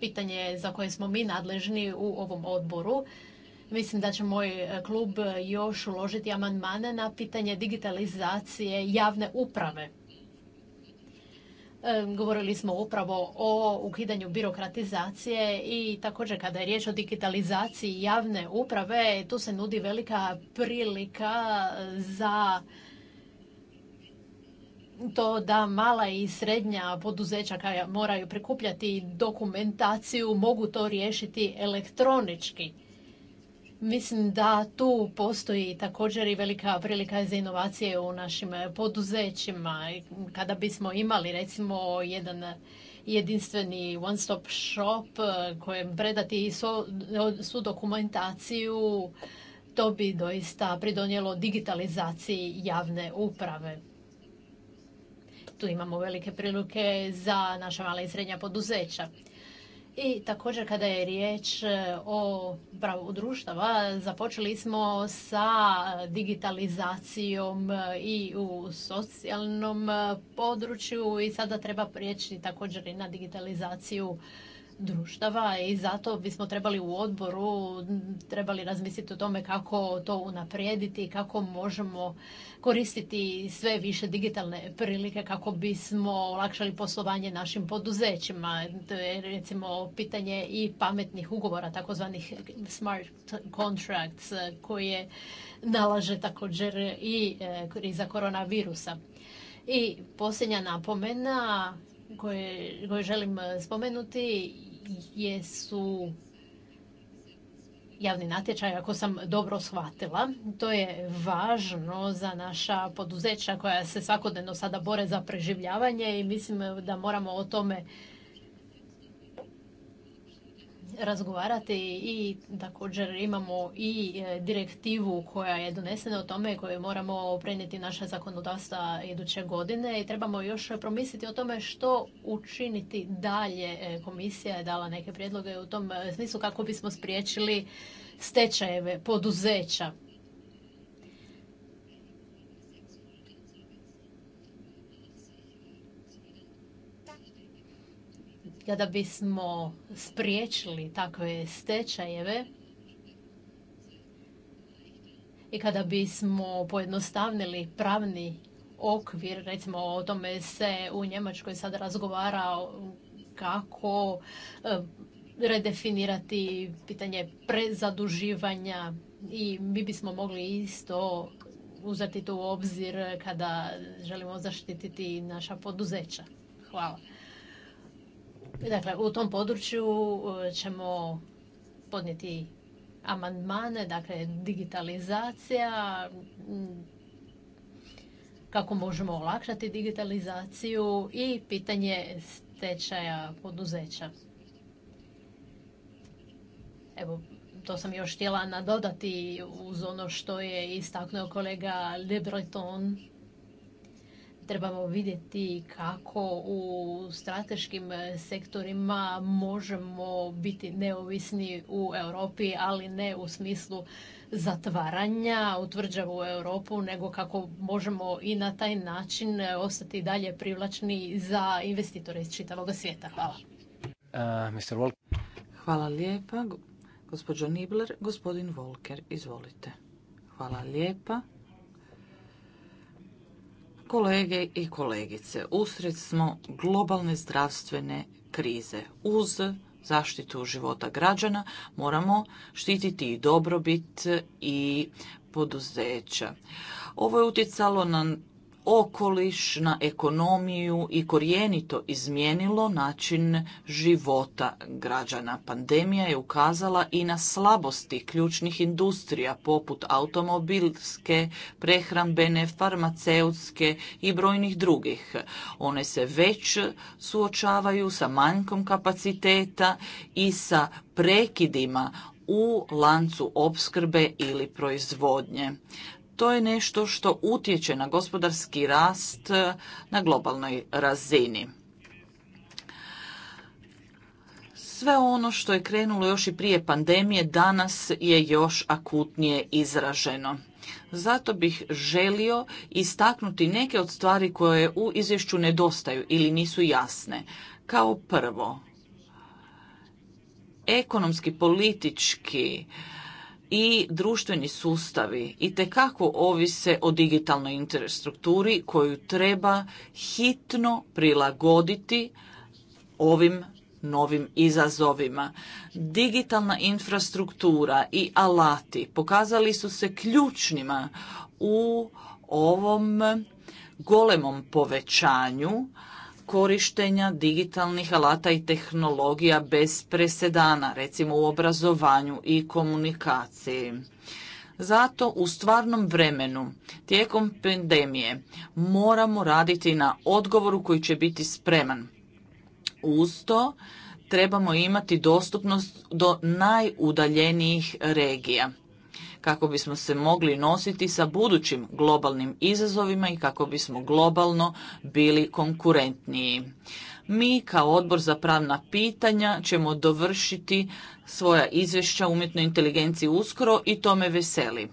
pitanje za koje smo mi nadležni u ovom odboru. Mislim da će moj e, klub e, još uložiti amandmane na pitanje digitalizacije javne uprave. E, govorili smo upravo o ukidanju birokratizacije i također kada je riječ o digitalizaciji javne uprave, tu se nudi velika prilika za to da mala i srednja poduzeća koja moraju prikupljati dokumentaciju mogu to riješiti elektronički. Mislim da tu postoji također i velika prilika za inovacije u našim poduzećima. Kada bismo imali recimo jedan jedinstveni one-stop shop kojem predati su svu dokumentaciju, to bi doista pridonijelo digitalizaciji javne uprave tu imamo velike prilike za naša mala i srednja poduzeća. I također kada je riječ e, o pravu društava, započeli smo sa digitalizacijom e, i u socijalnom e, području i sada treba prijeći također i na digitalizaciju društava i zato bismo trebali u odboru trebali razmisliti o tome kako to unaprijediti kako možemo koristiti sve više digitalne prilike kako bismo olakšali poslovanje našim poduzećima. To je recimo pitanje i pametnih ugovora, takozvanih smart contracts koje nalaže također i kriza e, koronavirusa. I posljednja napomena koju želim spomenuti jesu javni natječaj, ako sam dobro shvatila. To je važno za naša poduzeća koja se svakodnevno sada bore za preživljavanje i mislim da moramo o tome razgovarati i također imamo i e, direktivu koja je donesena o tome koju moramo prenijeti naša zakonodavstva iduće godine i trebamo još promisliti o tome što učiniti dalje. E, komisija je dala neke prijedloge u tom e, smislu kako bismo spriječili stečajeve poduzeća. Kada bismo spriječili takve stečajeve i kada bismo pojednostavnili pravni okvir, recimo o tome se u Njemačkoj sad razgovara kako e, redefinirati pitanje prezaduživanja i mi bismo mogli isto uzeti to u obzir kada želimo zaštititi naša poduzeća. Hvala. Dakle, u tom području e, ćemo podnijeti amandmane, dakle digitalizacija, kako možemo olakšati digitalizaciju i pitanje stečaja poduzeća. Evo, to sam još htjela nadodati uz ono što je istaknuo kolega Le Breton trebamo vidjeti kako u strateškim e, sektorima možemo biti neovisni u Europi, ali ne u smislu zatvaranja u Europu, nego kako možemo i na taj način e, ostati dalje privlačni za investitore iz čitavog svijeta. Hvala. E, Hvala lijepa. Nibler, gospodin Volker, izvolite. Hvala lijepa. Kolege i kolegice, usred smo globalne zdravstvene krize. Uz zaštitu života građana moramo štititi i dobrobit i poduzeća. Ovo je utjecalo na okoliš, na ekonomiju i korijenito izmijenilo način života građana. Pandemija je ukazala i na slabosti ključnih industrija poput automobilske, prehrambene, farmaceutske i brojnih drugih. One se već suočavaju sa manjkom kapaciteta i sa prekidima u lancu opskrbe ili proizvodnje to je nešto što utječe na gospodarski rast na globalnoj razini. Sve ono što je krenulo još i prije pandemije danas je još akutnije izraženo. Zato bih želio istaknuti neke od stvari koje u izvješću nedostaju ili nisu jasne. Kao prvo, ekonomski, politički, i društveni sustavi i tekako ovise o digitalnoj infrastrukturi koju treba hitno prilagoditi ovim novim izazovima. Digitalna infrastruktura i alati pokazali su se ključnima u ovom golemom povećanju korištenja digitalnih alata i tehnologija bez presedana, recimo u obrazovanju i komunikaciji. Zato u stvarnom vremenu, tijekom pandemije, moramo raditi na odgovoru koji će biti spreman. Uz to trebamo imati dostupnost do najudaljenijih regija kako bismo se mogli nositi sa budućim globalnim izazovima i kako bismo globalno bili konkurentniji. Mi kao odbor za pravna pitanja ćemo dovršiti svoja izvješća umjetnoj inteligenciji uskoro i to me veseli.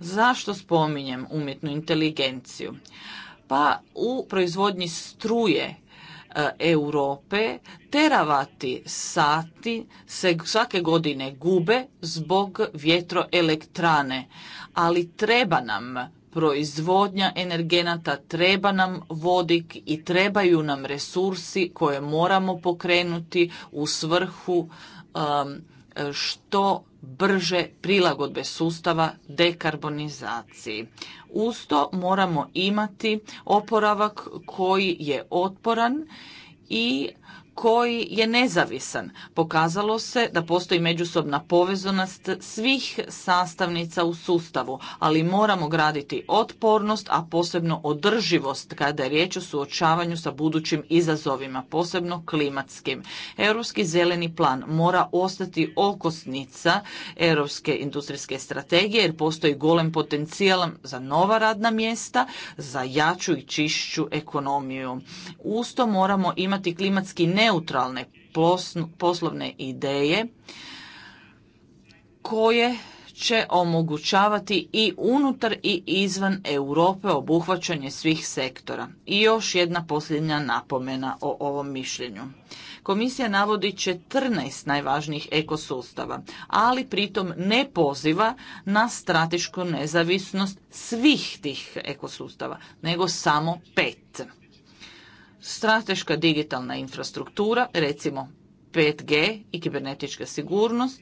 Zašto spominjem umjetnu inteligenciju? Pa u proizvodnji struje E, Europe teravati sati se svake godine gube zbog vjetroelektrane, ali treba nam proizvodnja energenata, treba nam vodik i trebaju nam resursi koje moramo pokrenuti u svrhu um, što brže prilagodbe sustava dekarbonizaciji. Uz to moramo imati oporavak koji je otporan i koji je nezavisan. Pokazalo se da postoji međusobna povezanost svih sastavnica u sustavu, ali moramo graditi otpornost, a posebno održivost kada je riječ o suočavanju sa budućim izazovima, posebno klimatskim. Europski zeleni plan mora ostati okosnica europske industrijske strategije jer postoji golem potencijal za nova radna mjesta, za jaču i čišću ekonomiju. Usto moramo imati klimatski ne neutralne poslovne ideje koje će omogućavati i unutar i izvan Europe obuhvaćanje svih sektora. I još jedna posljednja napomena o ovom mišljenju. Komisija navodi 14 najvažnijih ekosustava, ali pritom ne poziva na stratešku nezavisnost svih tih ekosustava, nego samo pet strateška digitalna infrastruktura, recimo 5G i kibernetička sigurnost.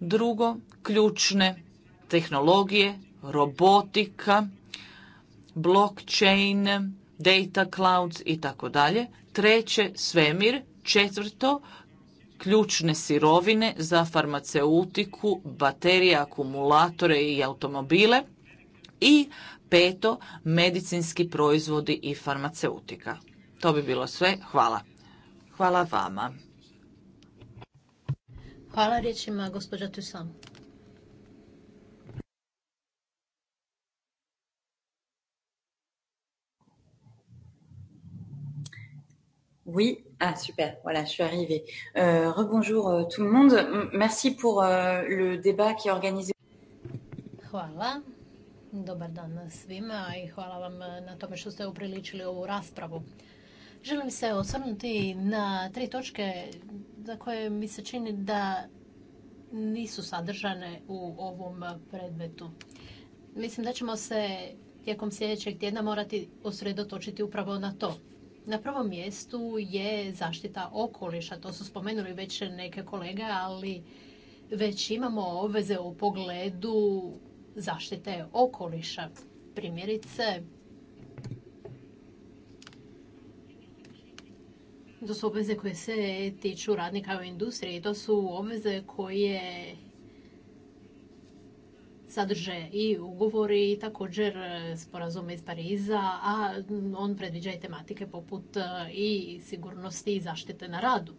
Drugo, ključne tehnologije, robotika, blockchain, data clouds i tako dalje. Treće, svemir. Četvrto, ključne sirovine za farmaceutiku, baterije, akumulatore i automobile. I peto, medicinski proizvodi i farmaceutika. To bi bilo sve. Hvala. Hvala vama. Hvala riječima, gospođa Tusan. Oui, ah super, voilà, je suis arrivée. Euh, Rebonjour euh, tout le monde. Merci pour euh, le débat qui est organisé. Voilà. Dobar dan svima i hvala vam eh, na tome što ste upriličili ovu raspravu. Želim se osvrnuti na tri točke za koje mi se čini da nisu sadržane u ovom predmetu. Mislim da ćemo se tijekom sljedećeg tjedna morati osredotočiti upravo na to. Na prvom mjestu je zaštita okoliša, to su spomenuli već neke kolege, ali već imamo obveze u pogledu zaštite okoliša. Primjerice, To su obveze koje se tiču radnika u industriji. To su obveze koje sadrže i ugovori i također sporazume iz Pariza, a on predviđa i tematike poput e, i sigurnosti i zaštite na radu.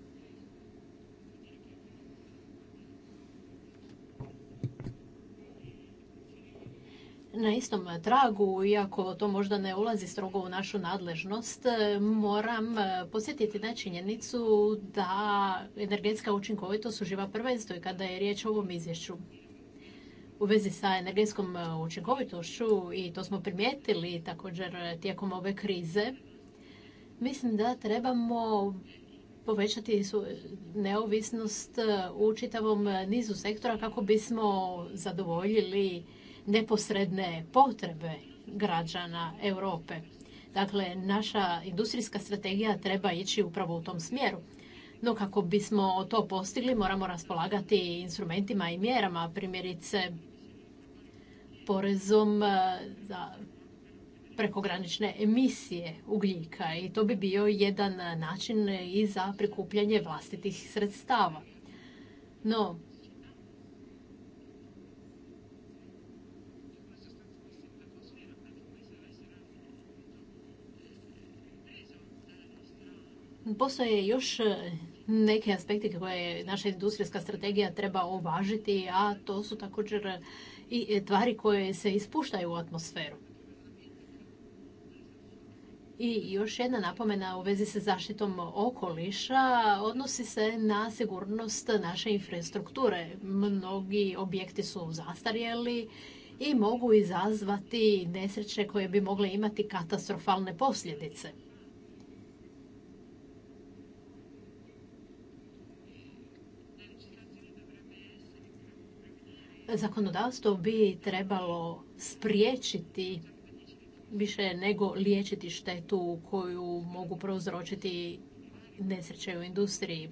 na istom tragu, iako to možda ne ulazi strogo u našu nadležnost, moram e, posjetiti na činjenicu da energetska učinkovitost uživa prvenstvo i kada je riječ o ovom izvješću. U vezi sa energetskom e, učinkovitošću, i to smo primijetili također tijekom ove krize, mislim da trebamo povećati neovisnost e, u čitavom nizu sektora kako bismo zadovoljili neposredne potrebe građana Europe. Dakle, naša industrijska strategija treba ići upravo u tom smjeru. No kako bismo to postigli, moramo raspolagati instrumentima i mjerama, primjerice porezom eh, za prekogranične emisije ugljika i to bi bio jedan način i za prikupljanje vlastitih sredstava. No, Postoje još e, neke aspekte koje naša industrijska strategija treba uvažiti, a to su također i e, tvari koje se ispuštaju u atmosferu. I još jedna napomena u vezi sa zaštitom okoliša odnosi se na sigurnost naše infrastrukture. Mnogi objekti su zastarjeli i mogu izazvati nesreće koje bi mogle imati katastrofalne posljedice. zakonodavstvo bi trebalo spriječiti više nego liječiti štetu koju mogu prouzročiti nesreće u industriji.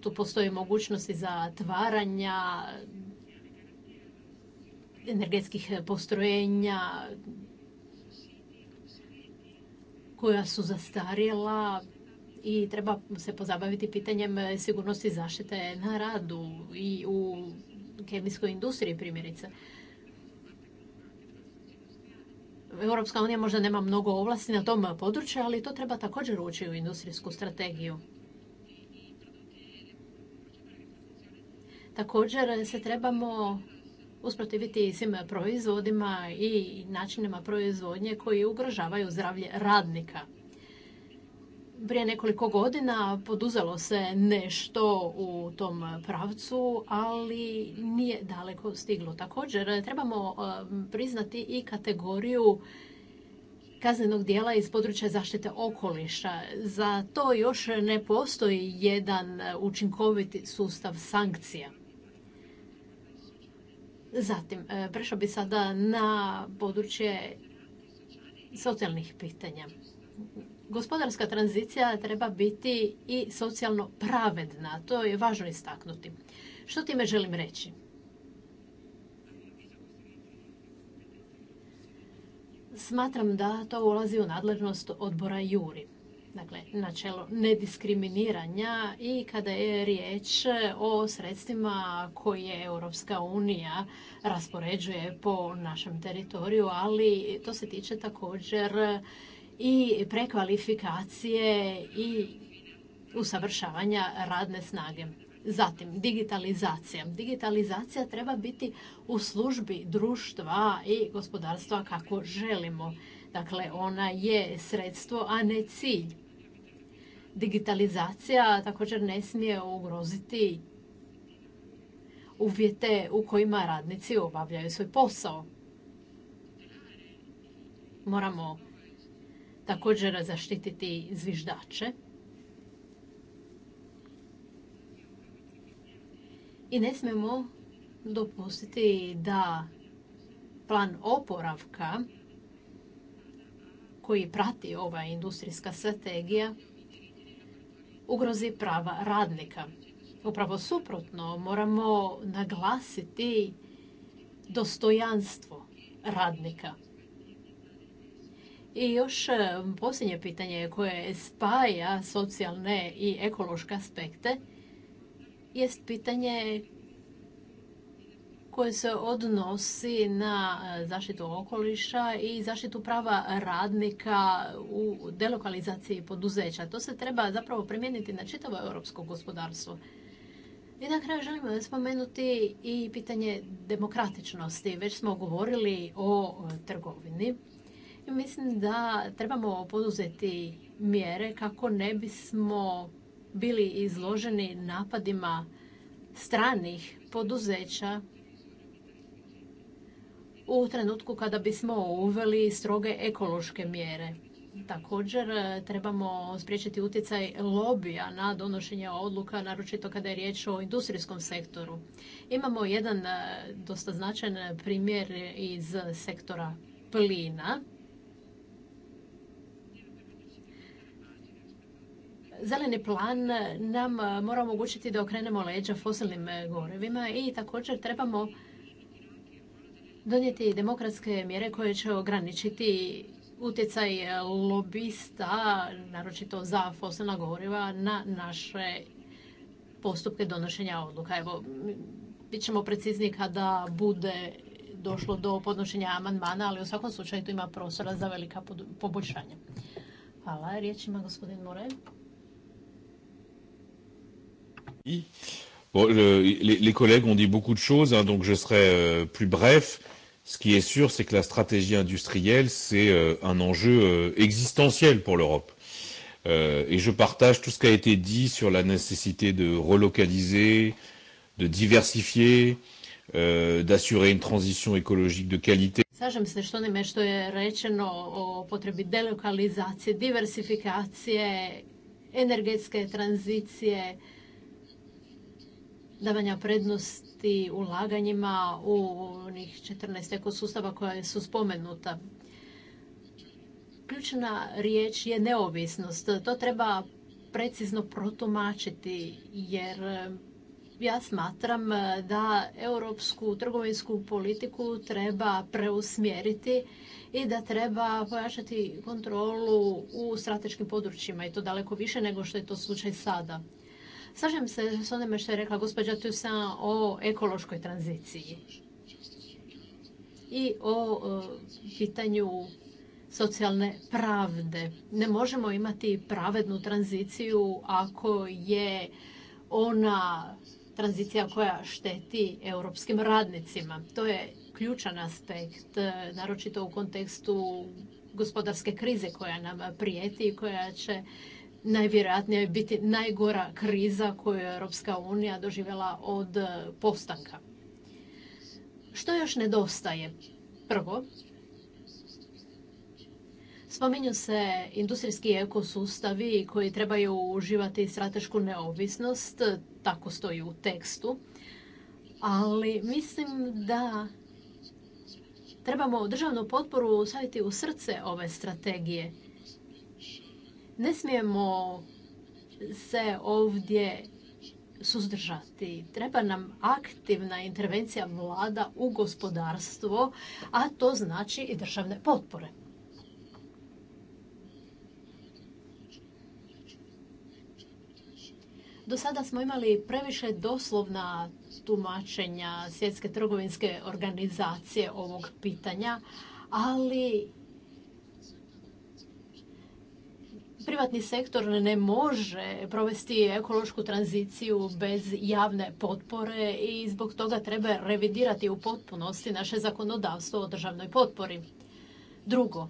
Tu postoji mogućnosti zatvaranja energetskih postrojenja koja su zastarjela i treba se pozabaviti pitanjem sigurnosti zaštite na radu i u kemijskoj industriji primjerice. Europska unija možda nema mnogo ovlasti na tom području, ali to treba također ući u industrijsku strategiju. Također se trebamo usprotiviti svim proizvodima i načinima proizvodnje koji ugrožavaju zdravlje radnika prije nekoliko godina poduzelo se nešto u tom pravcu, ali nije daleko stiglo. Također, trebamo e, priznati i kategoriju kaznenog dijela iz područja zaštite okoliša. Za to još ne postoji jedan učinkoviti sustav sankcija. Zatim, e, prešao bi sada na područje socijalnih pitanja gospodarska tranzicija treba biti i socijalno pravedna. To je važno istaknuti. Što time želim reći? Smatram da to ulazi u nadležnost odbora Juri. Dakle, načelo nediskriminiranja i kada je riječ o sredstvima koje Europska unija raspoređuje po našem teritoriju, ali to se tiče također i prekvalifikacije i usavršavanja radne snage. Zatim, digitalizacija. Digitalizacija treba biti u službi društva i gospodarstva kako želimo. Dakle, ona je sredstvo, a ne cilj. Digitalizacija također ne smije ugroziti uvjete u kojima radnici obavljaju svoj posao. Moramo također zaštititi zviždače. I ne smemo dopustiti da plan oporavka koji prati ova industrijska strategija ugrozi prava radnika. Upravo suprotno, moramo naglasiti dostojanstvo radnika. I još e, posljednje pitanje koje spaja socijalne i ekološke aspekte jest pitanje koje se odnosi na e, zaštitu okoliša i zaštitu prava radnika u delokalizaciji poduzeća. To se treba zapravo primijeniti na čitavo europsko gospodarstvo. I na kraju želim spomenuti i pitanje demokratičnosti. Već smo govorili o trgovini Mislim da trebamo poduzeti mjere kako ne bismo bili izloženi napadima stranih poduzeća u trenutku kada bismo uveli stroge ekološke mjere. Također e, trebamo spriječiti utjecaj lobija na donošenje odluka, naročito kada je riječ o industrijskom sektoru. Imamo jedan e, dosta značajan primjer iz sektora plina Zeleni plan nam e, mora omogućiti da okrenemo leđa fosilnim e, gorivima i također trebamo donijeti demokratske mjere koje će ograničiti utjecaj e, lobista, naročito za fosilna goriva, na naše postupke donošenja odluka. Evo, bit ćemo precizni kada bude došlo do podnošenja amandmana, ali u svakom slučaju tu ima prostora za velika poboljšanja. Hvala. Riječ ima gospodin Morel. Bon, le, les, les, collègues ont dit beaucoup de choses, hein, donc je serai euh, plus bref. Ce qui est sûr, c'est que la stratégie industrielle, c'est euh, un enjeu euh, existentiel pour l'Europe. Euh, et je partage tout ce qui a été dit sur la nécessité de relocaliser, de diversifier, euh, d'assurer une transition écologique de qualité. Slažem se što onime što je rečeno o potrebi delokalizacije, diversifikacije, energetske tranzicije, davanja prednosti ulaganjima u onih 14 ekosustava koja su spomenuta. Ključna riječ je neovisnost. To treba precizno protumačiti jer eh, ja smatram eh, da europsku trgovinsku politiku treba preusmjeriti i da treba pojačati kontrolu u strateškim područjima i to daleko više nego što je to slučaj sada. Slažem se s onime što je rekla gospođa Tusa o ekološkoj tranziciji i o e, pitanju socijalne pravde. Ne možemo imati pravednu tranziciju ako je ona tranzicija koja šteti europskim radnicima. To je ključan aspekt, e, naročito u kontekstu gospodarske krize koja nam prijeti i koja će najvjerojatnije biti najgora kriza koju je Europska unija doživjela od e, postanka. Što još nedostaje? Prvo, spominju se industrijski ekosustavi koji trebaju uživati stratešku neovisnost, tako stoji u tekstu, ali mislim da trebamo državnu potporu staviti u srce ove strategije ne smijemo se ovdje suzdržati. Treba nam aktivna intervencija vlada u gospodarstvo, a to znači i državne potpore. Do sada smo imali previše doslovna tumačenja svjetske trgovinske organizacije ovog pitanja, ali privatni sektor ne može provesti ekološku tranziciju bez javne potpore i zbog toga treba revidirati u potpunosti naše zakonodavstvo o državnoj potpori. Drugo,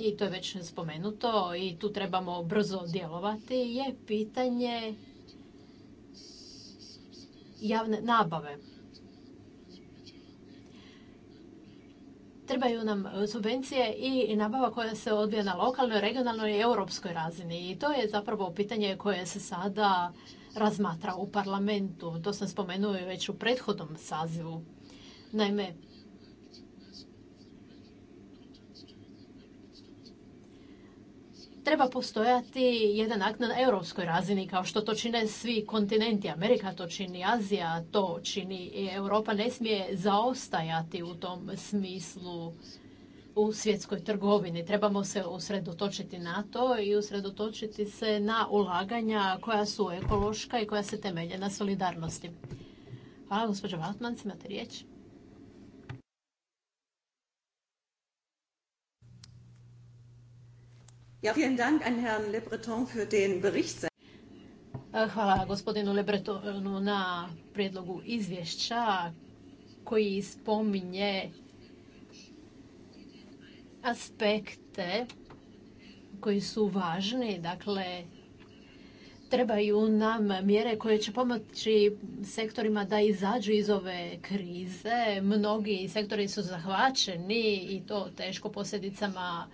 i to je već spomenuto i tu trebamo brzo djelovati, je pitanje javne nabave. Trebaju nam e, subvencije i nabava koja se odvija na lokalnoj, regionalnoj i europskoj razini. I to je zapravo pitanje koje se sada razmatra u parlamentu. To sam spomenuo već u prethodnom sazivu. Naime, treba postojati jedan akt na europskoj razini, kao što to čine svi kontinenti. Amerika to čini, Azija to čini i Europa ne smije zaostajati u tom smislu u svjetskoj trgovini. Trebamo se usredotočiti na to i usredotočiti se na ulaganja koja su ekološka i koja se temelje na solidarnosti. Hvala, gospođo Valtman, imate riječ. Ja, Hvala gospodinu Le Bretonu na prijedlogu izvješća koji spominje aspekte koji su važni, dakle trebaju nam mjere koje će pomoći sektorima da izađu iz ove krize. Mnogi sektori su zahvaćeni i to teško posljedicama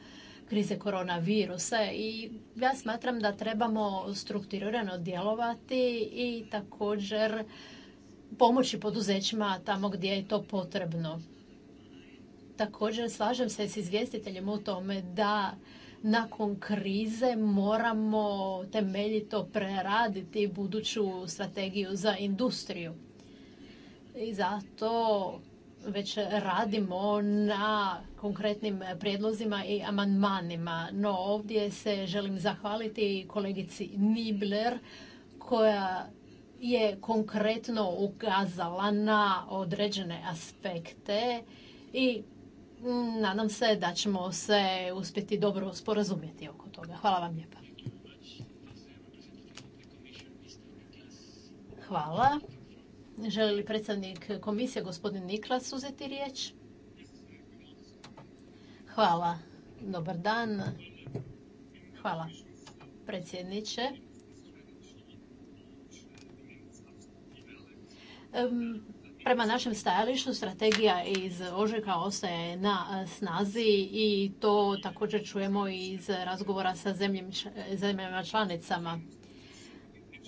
krize koronavirusa i ja smatram da trebamo strukturirano djelovati i također pomoći poduzećima tamo gdje je to potrebno. Također slažem se s izvjestiteljem u tome da nakon krize moramo temeljito preraditi buduću strategiju za industriju. I zato već radimo na konkretnim prijedlozima i amandmanima. No ovdje se želim zahvaliti kolegici Nibler koja je konkretno ukazala na određene aspekte i mm, nadam se da ćemo se uspjeti dobro sporazumjeti oko toga. Hvala vam lijepa. Hvala. Želi li predstavnik komisije, gospodin Niklas, uzeti riječ? Hvala. Dobar dan. Hvala, predsjedniče. prema našem stajalištu strategija iz Ožeka ostaje na snazi i to također čujemo iz razgovora sa zemljama članicama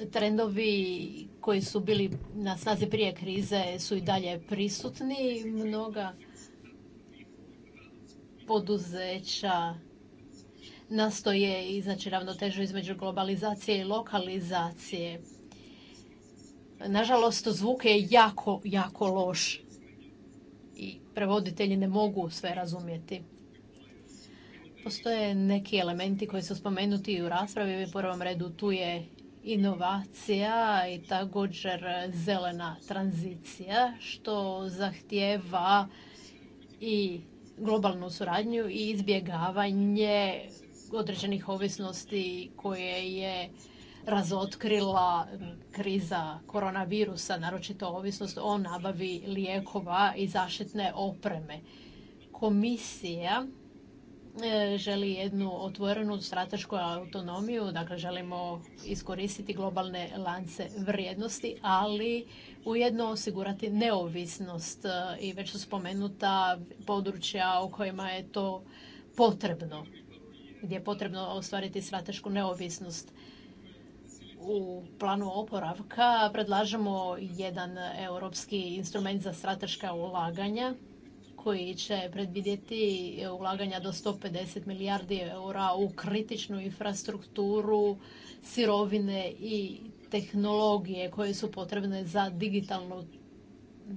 trendovi koji su bili na snazi prije krize su i dalje prisutni. Mnoga poduzeća nastoje ravno ravnotežu između globalizacije i lokalizacije. Nažalost, zvuk je jako, jako loš i prevoditelji ne mogu sve razumjeti. Postoje neki elementi koji su spomenuti i u raspravi. U prvom redu tu je inovacija i također zelena tranzicija što zahtjeva i globalnu suradnju i izbjegavanje određenih ovisnosti koje je razotkrila kriza koronavirusa, naročito ovisnost o nabavi lijekova i zaštitne opreme. Komisija E, želi jednu otvorenu stratešku autonomiju, dakle želimo iskoristiti globalne lance vrijednosti, ali ujedno osigurati neovisnost e, i već su spomenuta područja u kojima je to potrebno, gdje je potrebno ostvariti stratešku neovisnost. U planu oporavka predlažemo jedan europski instrument za strateška ulaganja koji će predvidjeti e, ulaganja do 150 milijardi eura u kritičnu infrastrukturu, sirovine i tehnologije koje su potrebne za digitalnu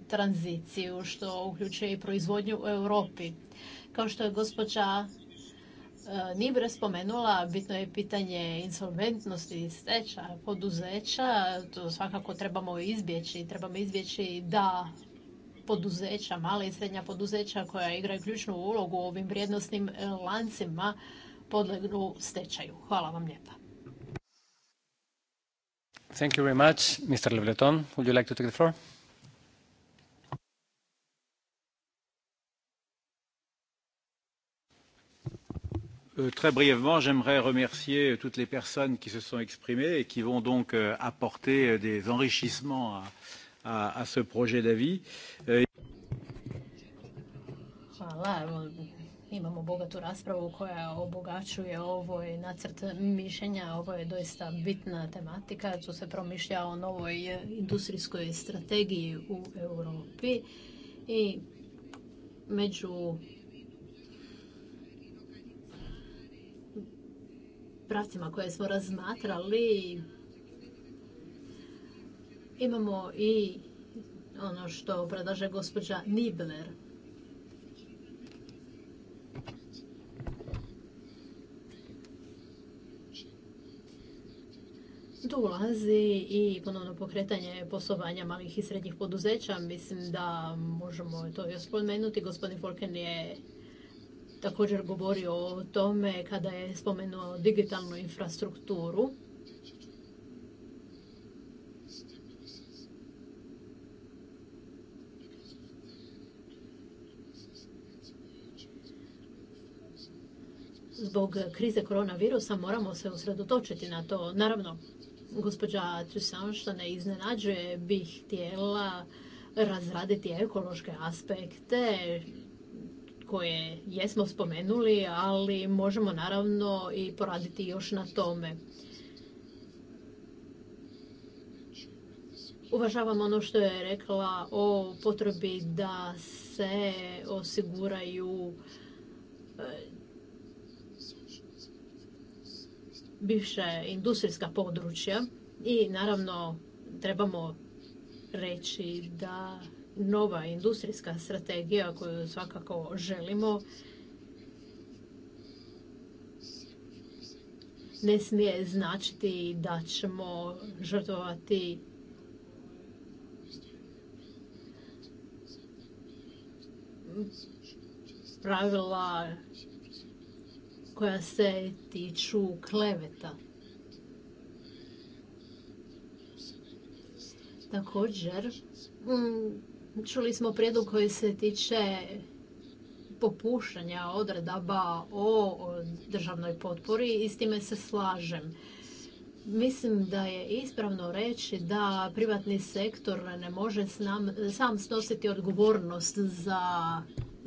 tranziciju, što uključuje i proizvodnju u Europi. Kao što je gospođa e, Nibre spomenula, bitno je pitanje insolventnosti i poduzeća. To svakako trebamo izbjeći. Trebamo izbjeći da poduzeća, mala i srednja poduzeća koja igraju ključnu ulogu u ovim vrijednostnim e, lancima podlegnu stečaju. Hvala vam lijepa. Thank you very much. Mr. Le would you like to take the floor? Euh, très brièvement, j'aimerais remercier toutes les personnes qui se sont exprimées et qui vont donc euh, apporter euh, des enrichissements à à, à ce projet d'avis. Euh, imamo bogatu raspravu koja obogaćuje ovo nacrt mišljenja. Ovo je doista bitna tematika. Tu se promišlja o novoj industrijskoj strategiji u Europi i među pracima koje smo razmatrali Imamo i ono što predlaže gospođa Nibler. Tu ulazi i ponovno pokretanje poslovanja malih i srednjih poduzeća. Mislim da možemo to još spomenuti. Gospodin Folken je također govorio o tome kada je spomenuo digitalnu infrastrukturu. zbog krize koronavirusa moramo se usredotočiti na to. Naravno, gospođa Tristan, što ne iznenađuje, bih htjela razraditi ekološke aspekte koje jesmo spomenuli, ali možemo naravno i poraditi još na tome. Uvažavam ono što je rekla o potrebi da se osiguraju bivše industrijska područja i naravno trebamo reći da nova industrijska strategija koju svakako želimo ne smije značiti da ćemo žrtvovati pravila koja se tiču kleveta. Također, mm, čuli smo prijedlog koji se tiče popušanja odredaba o državnoj potpori i s time se slažem. Mislim da je ispravno reći da privatni sektor ne može sam snositi odgovornost za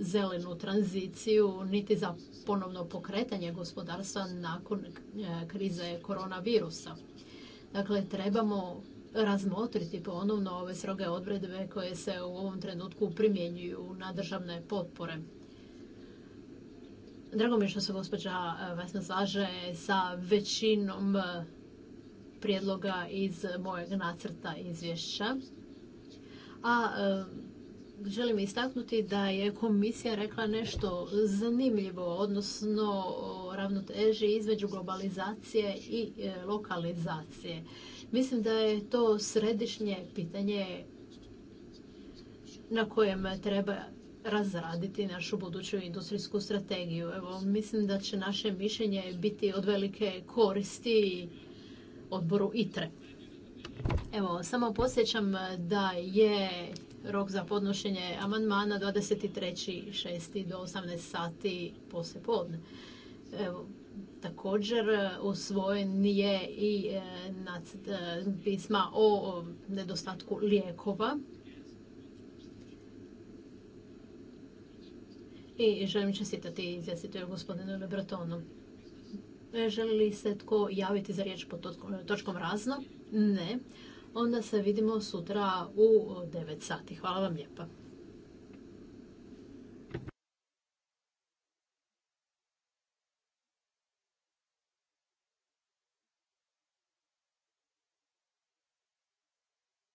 zelenu tranziciju, niti za ponovno pokretanje gospodarstva nakon e, krize koronavirusa. Dakle, trebamo razmotriti ponovno ove stroge odredbe koje se u ovom trenutku primjenjuju na državne potpore. Drago mi je što se gospođa e, Vesna slaže sa većinom e, prijedloga iz mojeg nacrta izvješća. A želim istaknuti da je komisija rekla nešto zanimljivo, odnosno o ravnoteži između globalizacije i e, lokalizacije. Mislim da je to središnje pitanje na kojem treba razraditi našu buduću industrijsku strategiju. Evo, mislim da će naše mišljenje biti od velike koristi odboru ITRE. Evo, samo posjećam da je rok za podnošenje amandmana 23.6. do 18 sati poslije podne. Također e, usvojen je i e, e, pisma o nedostatku lijekova. I želim čestitati izvjestitelju gospodinu Lebretonu. Želi li se tko javiti za riječ pod točkom razno? Ne onda se vidimo sutra u 9 sati. Hvala vam lijepa.